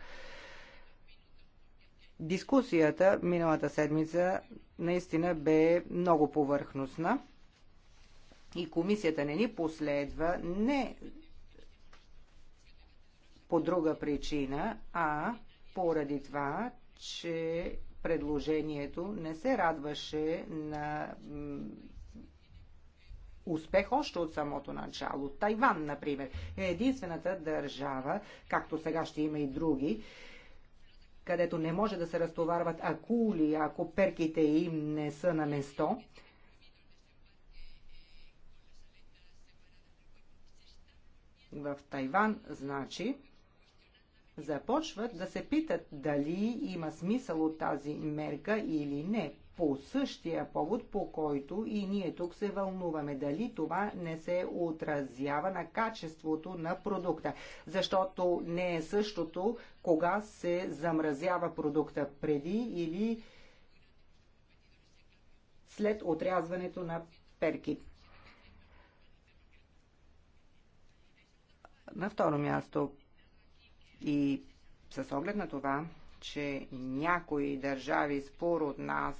Дискусията миналата седмица наистина бе много повърхностна и комисията не ни последва не по друга причина, а поради това, че предложението не се радваше на успех още от самото начало. Тайван, например, е единствената държава, както сега ще има и други, където не може да се разтоварват акули, ако перките им не са на место. В Тайван, значи, започват да се питат дали има смисъл от тази мерка или не. По същия повод, по който и ние тук се вълнуваме, дали това не се отразява на качеството на продукта. Защото не е същото, кога се замразява продукта преди или след отрязването на перки. На второ място, и с оглед на това, че някои държави спор от нас,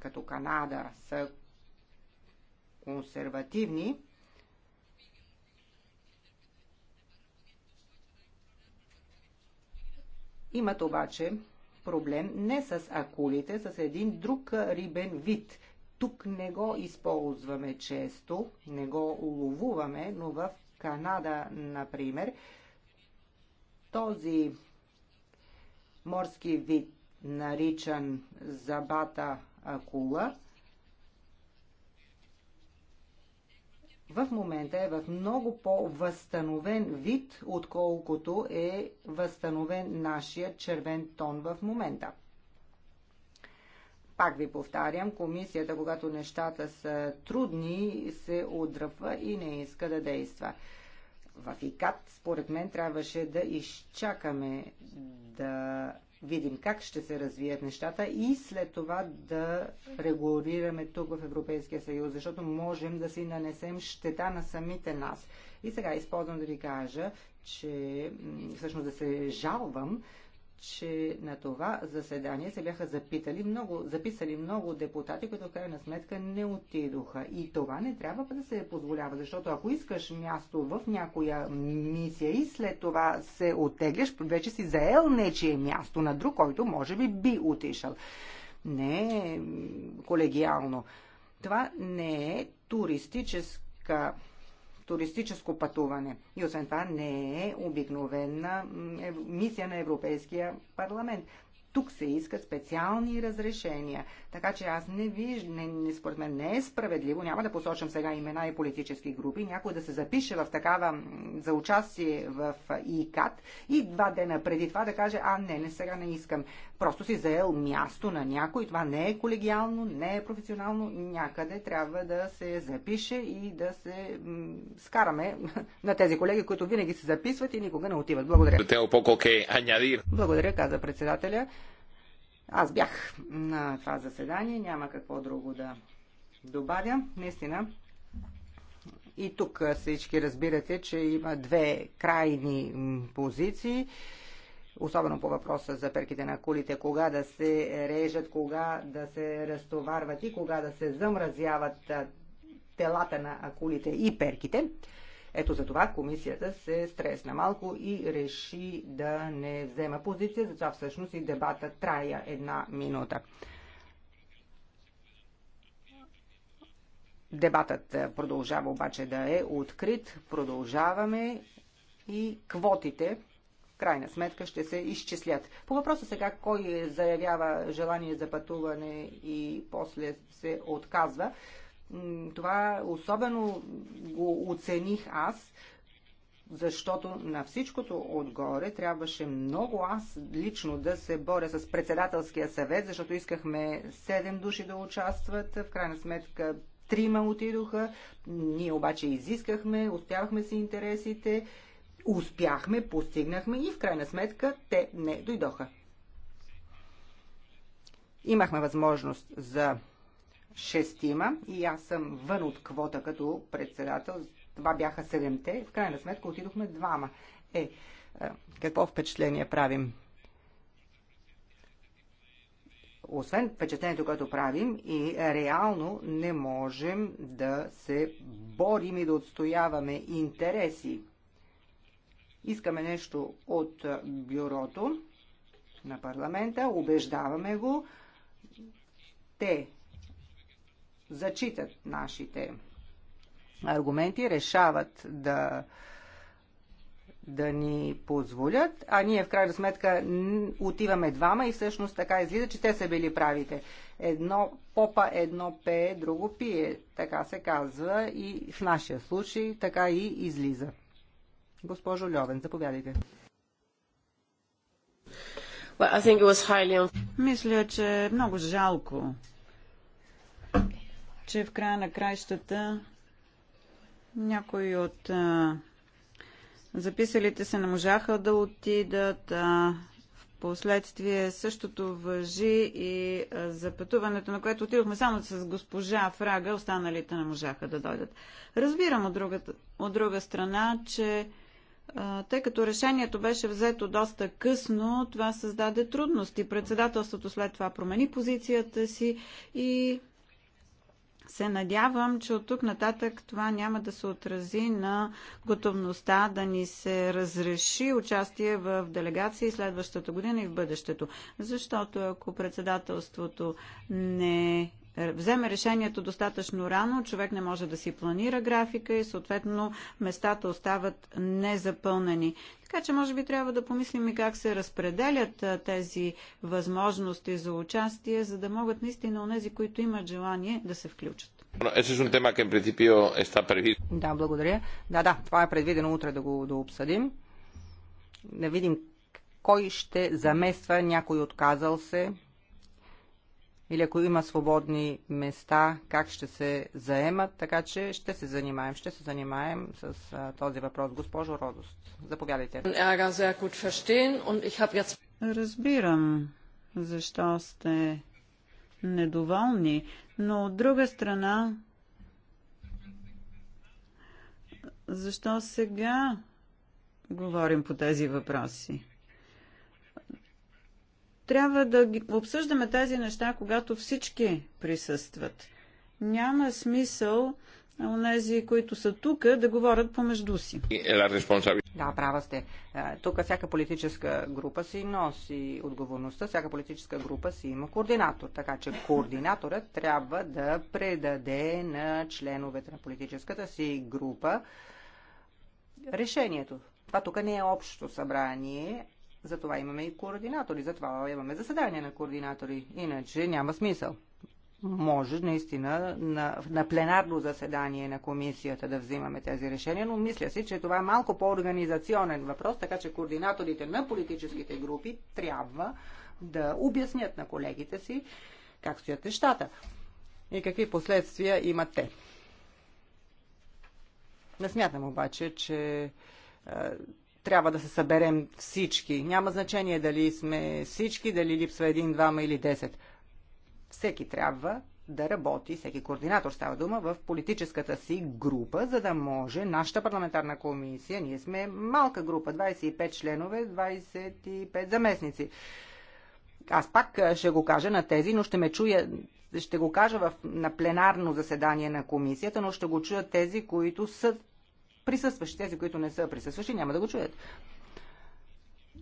като Канада, са консервативни, имат обаче проблем не с акулите, с един друг рибен вид. Тук не го използваме често, не го уловуваме, но в Канада, например, този морски вид, наричан забата акула, в момента е в много по-възстановен вид, отколкото е възстановен нашия червен тон в момента. Пак ви повтарям, комисията, когато нещата са трудни, се отдръпва и не иска да действа в ИКАТ, според мен, трябваше да изчакаме да видим как ще се развият нещата и след това да регулираме тук в Европейския съюз, защото можем да си нанесем щета на самите нас. И сега използвам да ви кажа, че всъщност да се жалвам, че на това заседание се бяха запитали много, записали много депутати, които в крайна сметка не отидоха. И това не трябва да се позволява, защото ако искаш място в някоя мисия и след това се оттегляш, вече си заел нечие място на друг, който може би би отишъл. Не е колегиално. Това не е туристическа туристическо пътуване. И освен това не е обикновена мисия на Европейския парламент. Тук се искат специални разрешения. Така че аз не виждам, не, не, според мен не е справедливо, няма да посочвам сега имена и политически групи, някой да се запише в такава за участие в ИКАТ и два дена преди това да каже, а не, не сега не искам. Просто си заел място на някой, това не е колегиално, не е професионално, някъде трябва да се запише и да се скараме на тези колеги, които винаги се записват и никога не отиват. Благодаря. Е Благодаря, каза председателя. Аз бях на това заседание, няма какво друго да добавя. Наистина, и тук всички разбирате, че има две крайни позиции особено по въпроса за перките на кулите, кога да се режат, кога да се разтоварват и кога да се замразяват телата на акулите и перките. Ето за това комисията се стресна малко и реши да не взема позиция, затова всъщност и дебата трая една минута. Дебатът продължава обаче да е открит, продължаваме и квотите крайна сметка ще се изчислят. По въпроса сега кой заявява желание за пътуване и после се отказва, това особено го оцених аз, защото на всичкото отгоре трябваше много аз лично да се боря с председателския съвет, защото искахме 7 души да участват. В крайна сметка трима отидоха, ние обаче изискахме, успявахме си интересите, успяхме, постигнахме и в крайна сметка те не дойдоха. Имахме възможност за шестима и аз съм вън от квота като председател. Това бяха седемте. В крайна сметка отидохме двама. Е, е, какво впечатление правим? Освен впечатлението, което правим, и реално не можем да се борим и да отстояваме интереси. Искаме нещо от бюрото на парламента, убеждаваме го. Те зачитат нашите аргументи, решават да, да ни позволят, а ние в крайна сметка отиваме двама и всъщност така излиза, че те са били правите. Едно попа, едно пее, друго пие. Така се казва и в нашия случай така и излиза. Госпожо Льовен, заповядайте. Well, highly... Мисля, че е много жалко че в края на краищата някои от а, записалите се не можаха да отидат. А, в последствие същото въжи и а, за пътуването, на което отидохме само с госпожа Фрага, останалите не можаха да дойдат. Разбирам от, другата, от друга страна, че тъй като решението беше взето доста късно, това създаде трудности. Председателството след това промени позицията си и се надявам, че от тук нататък това няма да се отрази на готовността да ни се разреши участие в делегации следващата година и в бъдещето. Защото ако председателството не вземе решението достатъчно рано, човек не може да си планира графика и съответно местата остават незапълнени. Така че може би трябва да помислим и как се разпределят тези възможности за участие, за да могат наистина онези, които имат желание да се включат. Да, благодаря. Да, да, това е предвидено утре да го да обсъдим. Да видим кой ще замества някой отказал се или ако има свободни места, как ще се заемат, така че ще се занимаем, ще се занимаем с а, този въпрос. Госпожо Родост, заповядайте. Разбирам защо сте недоволни, но от друга страна, защо сега говорим по тези въпроси? трябва да ги обсъждаме тези неща, когато всички присъстват. Няма смисъл у нези, които са тук, да говорят помежду си. Да, права сте. Е, тук всяка политическа група си носи отговорността, всяка политическа група си има координатор, така че координаторът трябва да предаде на членовете на политическата си група решението. Това тук не е общо събрание, затова имаме и координатори, затова имаме заседания на координатори. Иначе няма смисъл. Може наистина на, на пленарно заседание на комисията да взимаме тези решения, но мисля си, че това е малко по-организационен въпрос, така че координаторите на политическите групи трябва да обяснят на колегите си как стоят нещата и какви последствия имат те. Не смятам обаче, че трябва да се съберем всички. Няма значение дали сме всички, дали липсва един, двама или десет. Всеки трябва да работи, всеки координатор става дума, в политическата си група, за да може нашата парламентарна комисия, ние сме малка група, 25 членове, 25 заместници. Аз пак ще го кажа на тези, но ще ме чуя, ще го кажа в, на пленарно заседание на комисията, но ще го чуят тези, които са присъстващи. Тези, които не са присъстващи, няма да го чуят.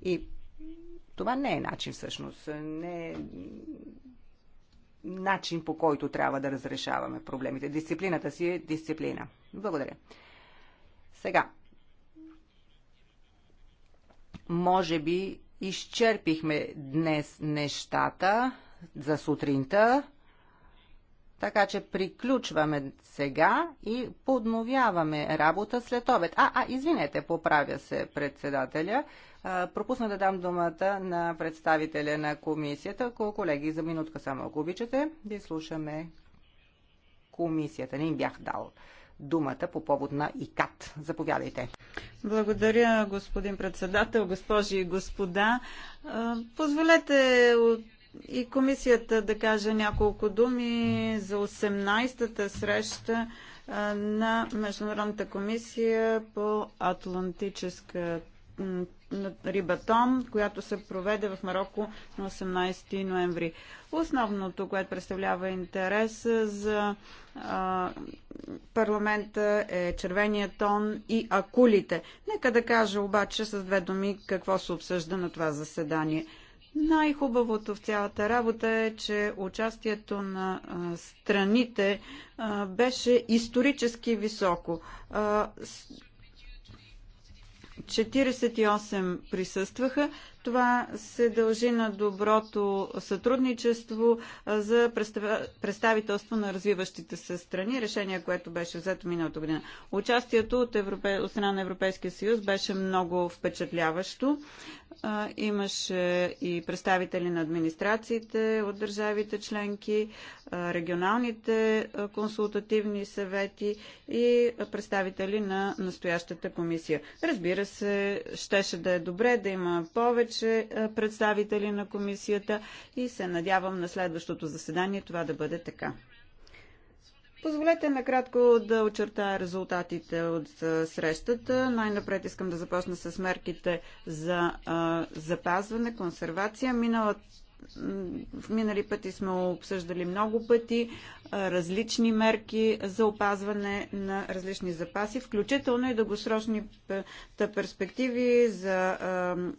И това не е начин всъщност. Не е начин по който трябва да разрешаваме проблемите. Дисциплината си е дисциплина. Благодаря. Сега, може би изчерпихме днес нещата за сутринта. Така че приключваме сега и подновяваме работа след обед. А, а, извинете, поправя се председателя. пропусна да дам думата на представителя на комисията. Колеги, за минутка само, ако обичате, да изслушаме комисията. Не им бях дал думата по повод на ИКАТ. Заповядайте. Благодаря, господин председател, госпожи и господа. Позволете от и комисията да каже няколко думи за 18-та среща на Международната комисия по Атлантическа рибатон, която се проведе в Марокко на 18 ноември. Основното, което представлява интерес за а, парламента е червения тон и акулите. Нека да кажа обаче с две думи какво се обсъжда на това заседание – най-хубавото в цялата работа е, че участието на страните беше исторически високо. 48 присъстваха, това се дължи на доброто сътрудничество за представителство на развиващите се страни, решение, което беше взето миналото година. Участието от, Европе... от страна на Европейския съюз беше много впечатляващо. Имаше и представители на администрациите от държавите членки, регионалните консултативни съвети и представители на настоящата комисия. Разбира се, щеше да е добре да има повече повече е, представители на комисията и се надявам на следващото заседание това да бъде така. Позволете накратко да очертая резултатите от е, срещата. Най-напред искам да започна с мерките за а, е, запазване, консервация. Миналата в минали пъти сме обсъждали много пъти различни мерки за опазване на различни запаси, включително и дългосрочните перспективи за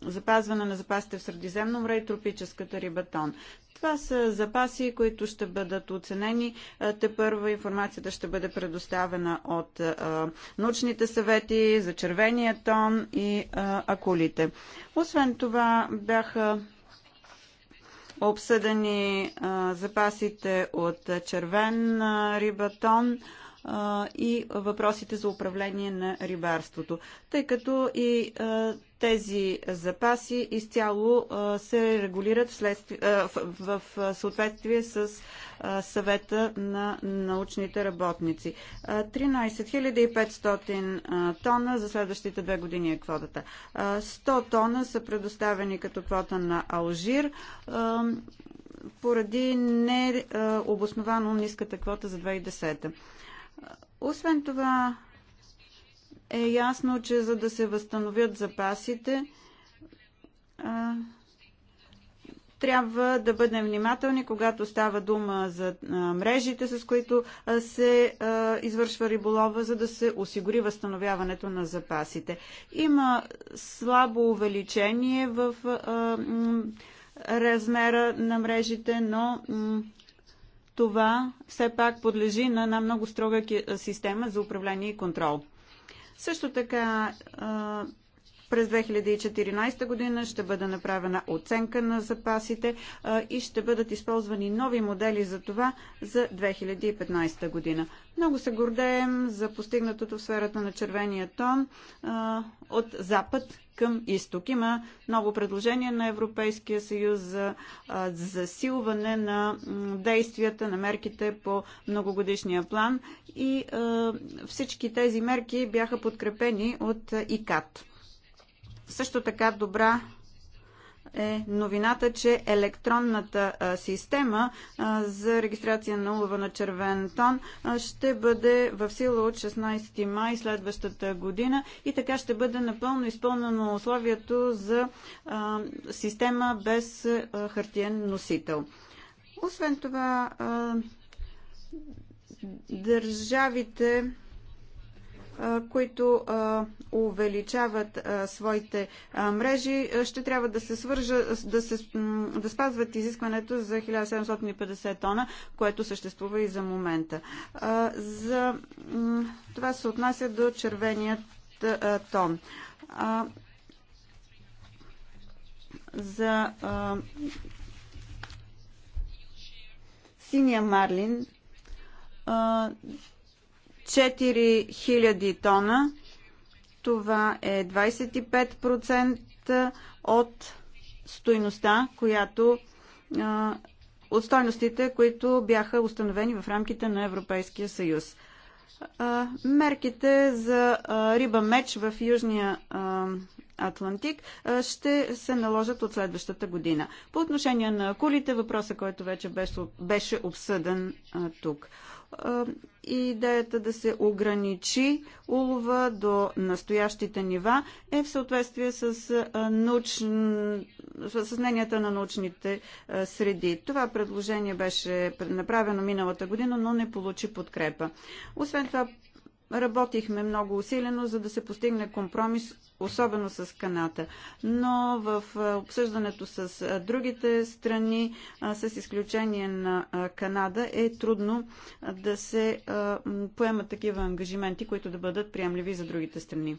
запазване на запасите в Средиземно море и тропическата рибатон. Това са запаси, които ще бъдат оценени. Те първа информацията ще бъде предоставена от научните съвети за червения тон и акулите. Освен това бяха обсъдени запасите от червен рибатон, а, и въпросите за управление на рибарството, тъй като и а, тези запаси изцяло а, се регулират а, в, в съответствие с а, съвета на научните работници. А, 13 500 а, тона за следващите две години е квотата. А, 100 тона са предоставени като квота на Алжир. А, поради необосновано ниската квота за 2010. Освен това е ясно, че за да се възстановят запасите, трябва да бъдем внимателни, когато става дума за мрежите, с които се извършва риболова, за да се осигури възстановяването на запасите. Има слабо увеличение в размера на мрежите, но това все пак подлежи на една много строга система за управление и контрол. Също така през 2014 година ще бъде направена оценка на запасите и ще бъдат използвани нови модели за това за 2015 година. Много се гордеем за постигнатото в сферата на червения тон от запад към изток. Има ново предложение на Европейския съюз за засилване на действията, на мерките по многогодишния план и всички тези мерки бяха подкрепени от ИКАТ. Също така добра е новината, че електронната система за регистрация на улова на червен тон ще бъде в сила от 16 май следващата година и така ще бъде напълно изпълнено условието за система без хартиен носител. Освен това, държавите които увеличават своите мрежи, ще трябва да се свържа, да, се, да спазват изискването за 1750 тона, което съществува и за момента. За, това се отнася до червеният тон. За синия марлин 4000 тона. Това е 25% от стойността, която от стойностите, които бяха установени в рамките на Европейския съюз. Мерките за риба меч в Южния Атлантик ще се наложат от следващата година. По отношение на кулите, въпроса, който вече беше, беше обсъден тук и е, идеята да се ограничи улова до настоящите нива е в съответствие с, е, научн... с мненията на научните е, среди. Това предложение беше направено миналата година, но не получи подкрепа. Освен това, Работихме много усилено, за да се постигне компромис, особено с Каната. Но в обсъждането с другите страни, с изключение на Канада, е трудно да се поемат такива ангажименти, които да бъдат приемливи за другите страни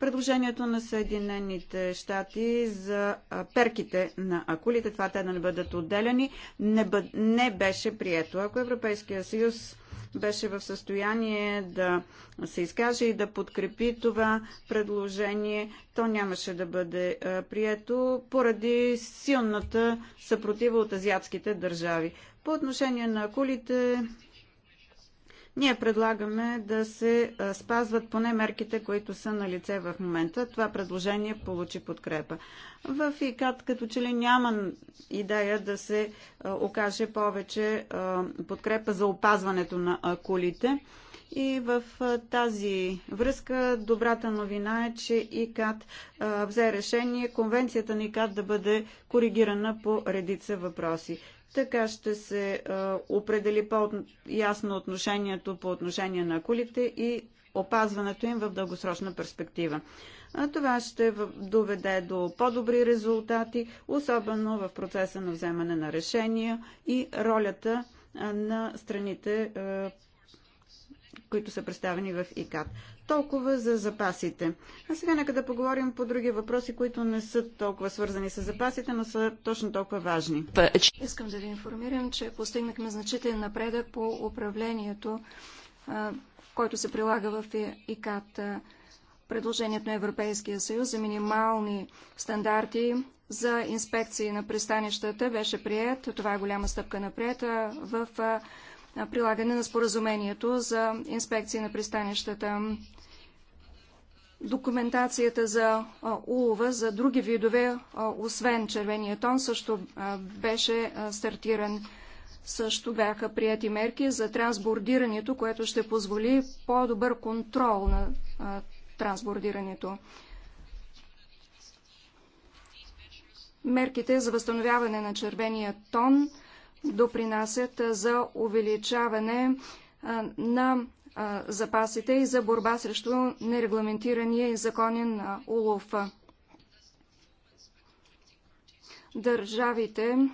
предложението на Съединените щати за перките на акулите, това те да не бъдат отделяни, не, бъ... не беше прието. Ако Европейския съюз беше в състояние да се изкаже и да подкрепи това предложение, то нямаше да бъде прието поради силната съпротива от азиатските държави. По отношение на акулите, ние предлагаме да се спазват поне мерките, които са на лице в момента. Това предложение получи подкрепа. В ИКАТ като че ли няма идея да се окаже повече подкрепа за опазването на колите. И в тази връзка добрата новина е, че ИКАТ взе решение конвенцията на ИКАТ да бъде коригирана по редица въпроси. Така ще се определи по-ясно отношението по отношение на акулите и опазването им в дългосрочна перспектива. А това ще доведе до по-добри резултати, особено в процеса на вземане на решения и ролята на страните, които са представени в ИКАД. Толкова за запасите. А сега нека да поговорим по други въпроси, които не са толкова свързани с запасите, но са точно толкова важни. Искам да ви информирам, че постигнахме значителен напредък по управлението, който се прилага в ИКАТ. Предложението на Европейския съюз за минимални стандарти за инспекции на пристанищата беше прият. Това е голяма стъпка напред в прилагане на споразумението за инспекции на пристанищата документацията за улова за други видове, освен червения тон, също беше стартиран. Също бяха прияти мерки за трансбордирането, което ще позволи по-добър контрол на трансбордирането. Мерките за възстановяване на червения тон допринасят за увеличаване на запасите и за борба срещу нерегламентирания и законен улов. Държавите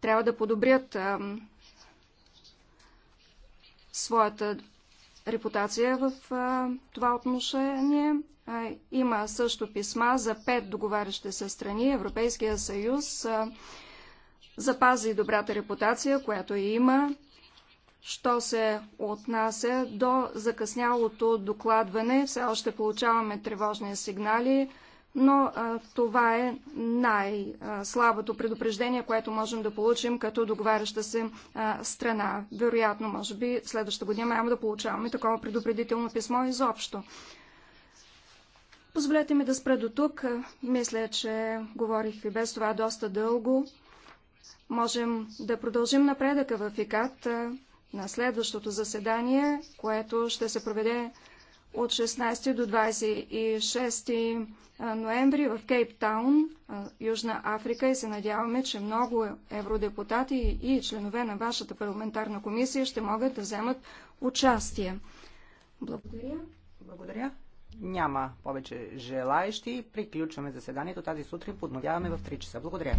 трябва да подобрят своята репутация в това отношение. Има също писма за пет договарящи се страни. Европейския съюз запази добрата репутация, която и има Що се отнася до закъснялото докладване, все още получаваме тревожни сигнали, но а, това е най-слабото предупреждение, което можем да получим като договаряща се а, страна. Вероятно, може би, следващата година няма да получаваме такова предупредително писмо изобщо. Позволете ми да спра до тук. Мисля, че говорих и без това доста дълго. Можем да продължим напредъка в ИКАТ на следващото заседание, което ще се проведе от 16 до 26 ноември в Кейптаун, Южна Африка и се надяваме, че много евродепутати и членове на вашата парламентарна комисия ще могат да вземат участие. Благодаря. Благодаря. Няма повече желаещи. Приключваме заседанието тази сутрин. Подновяваме в 3 часа. Благодаря.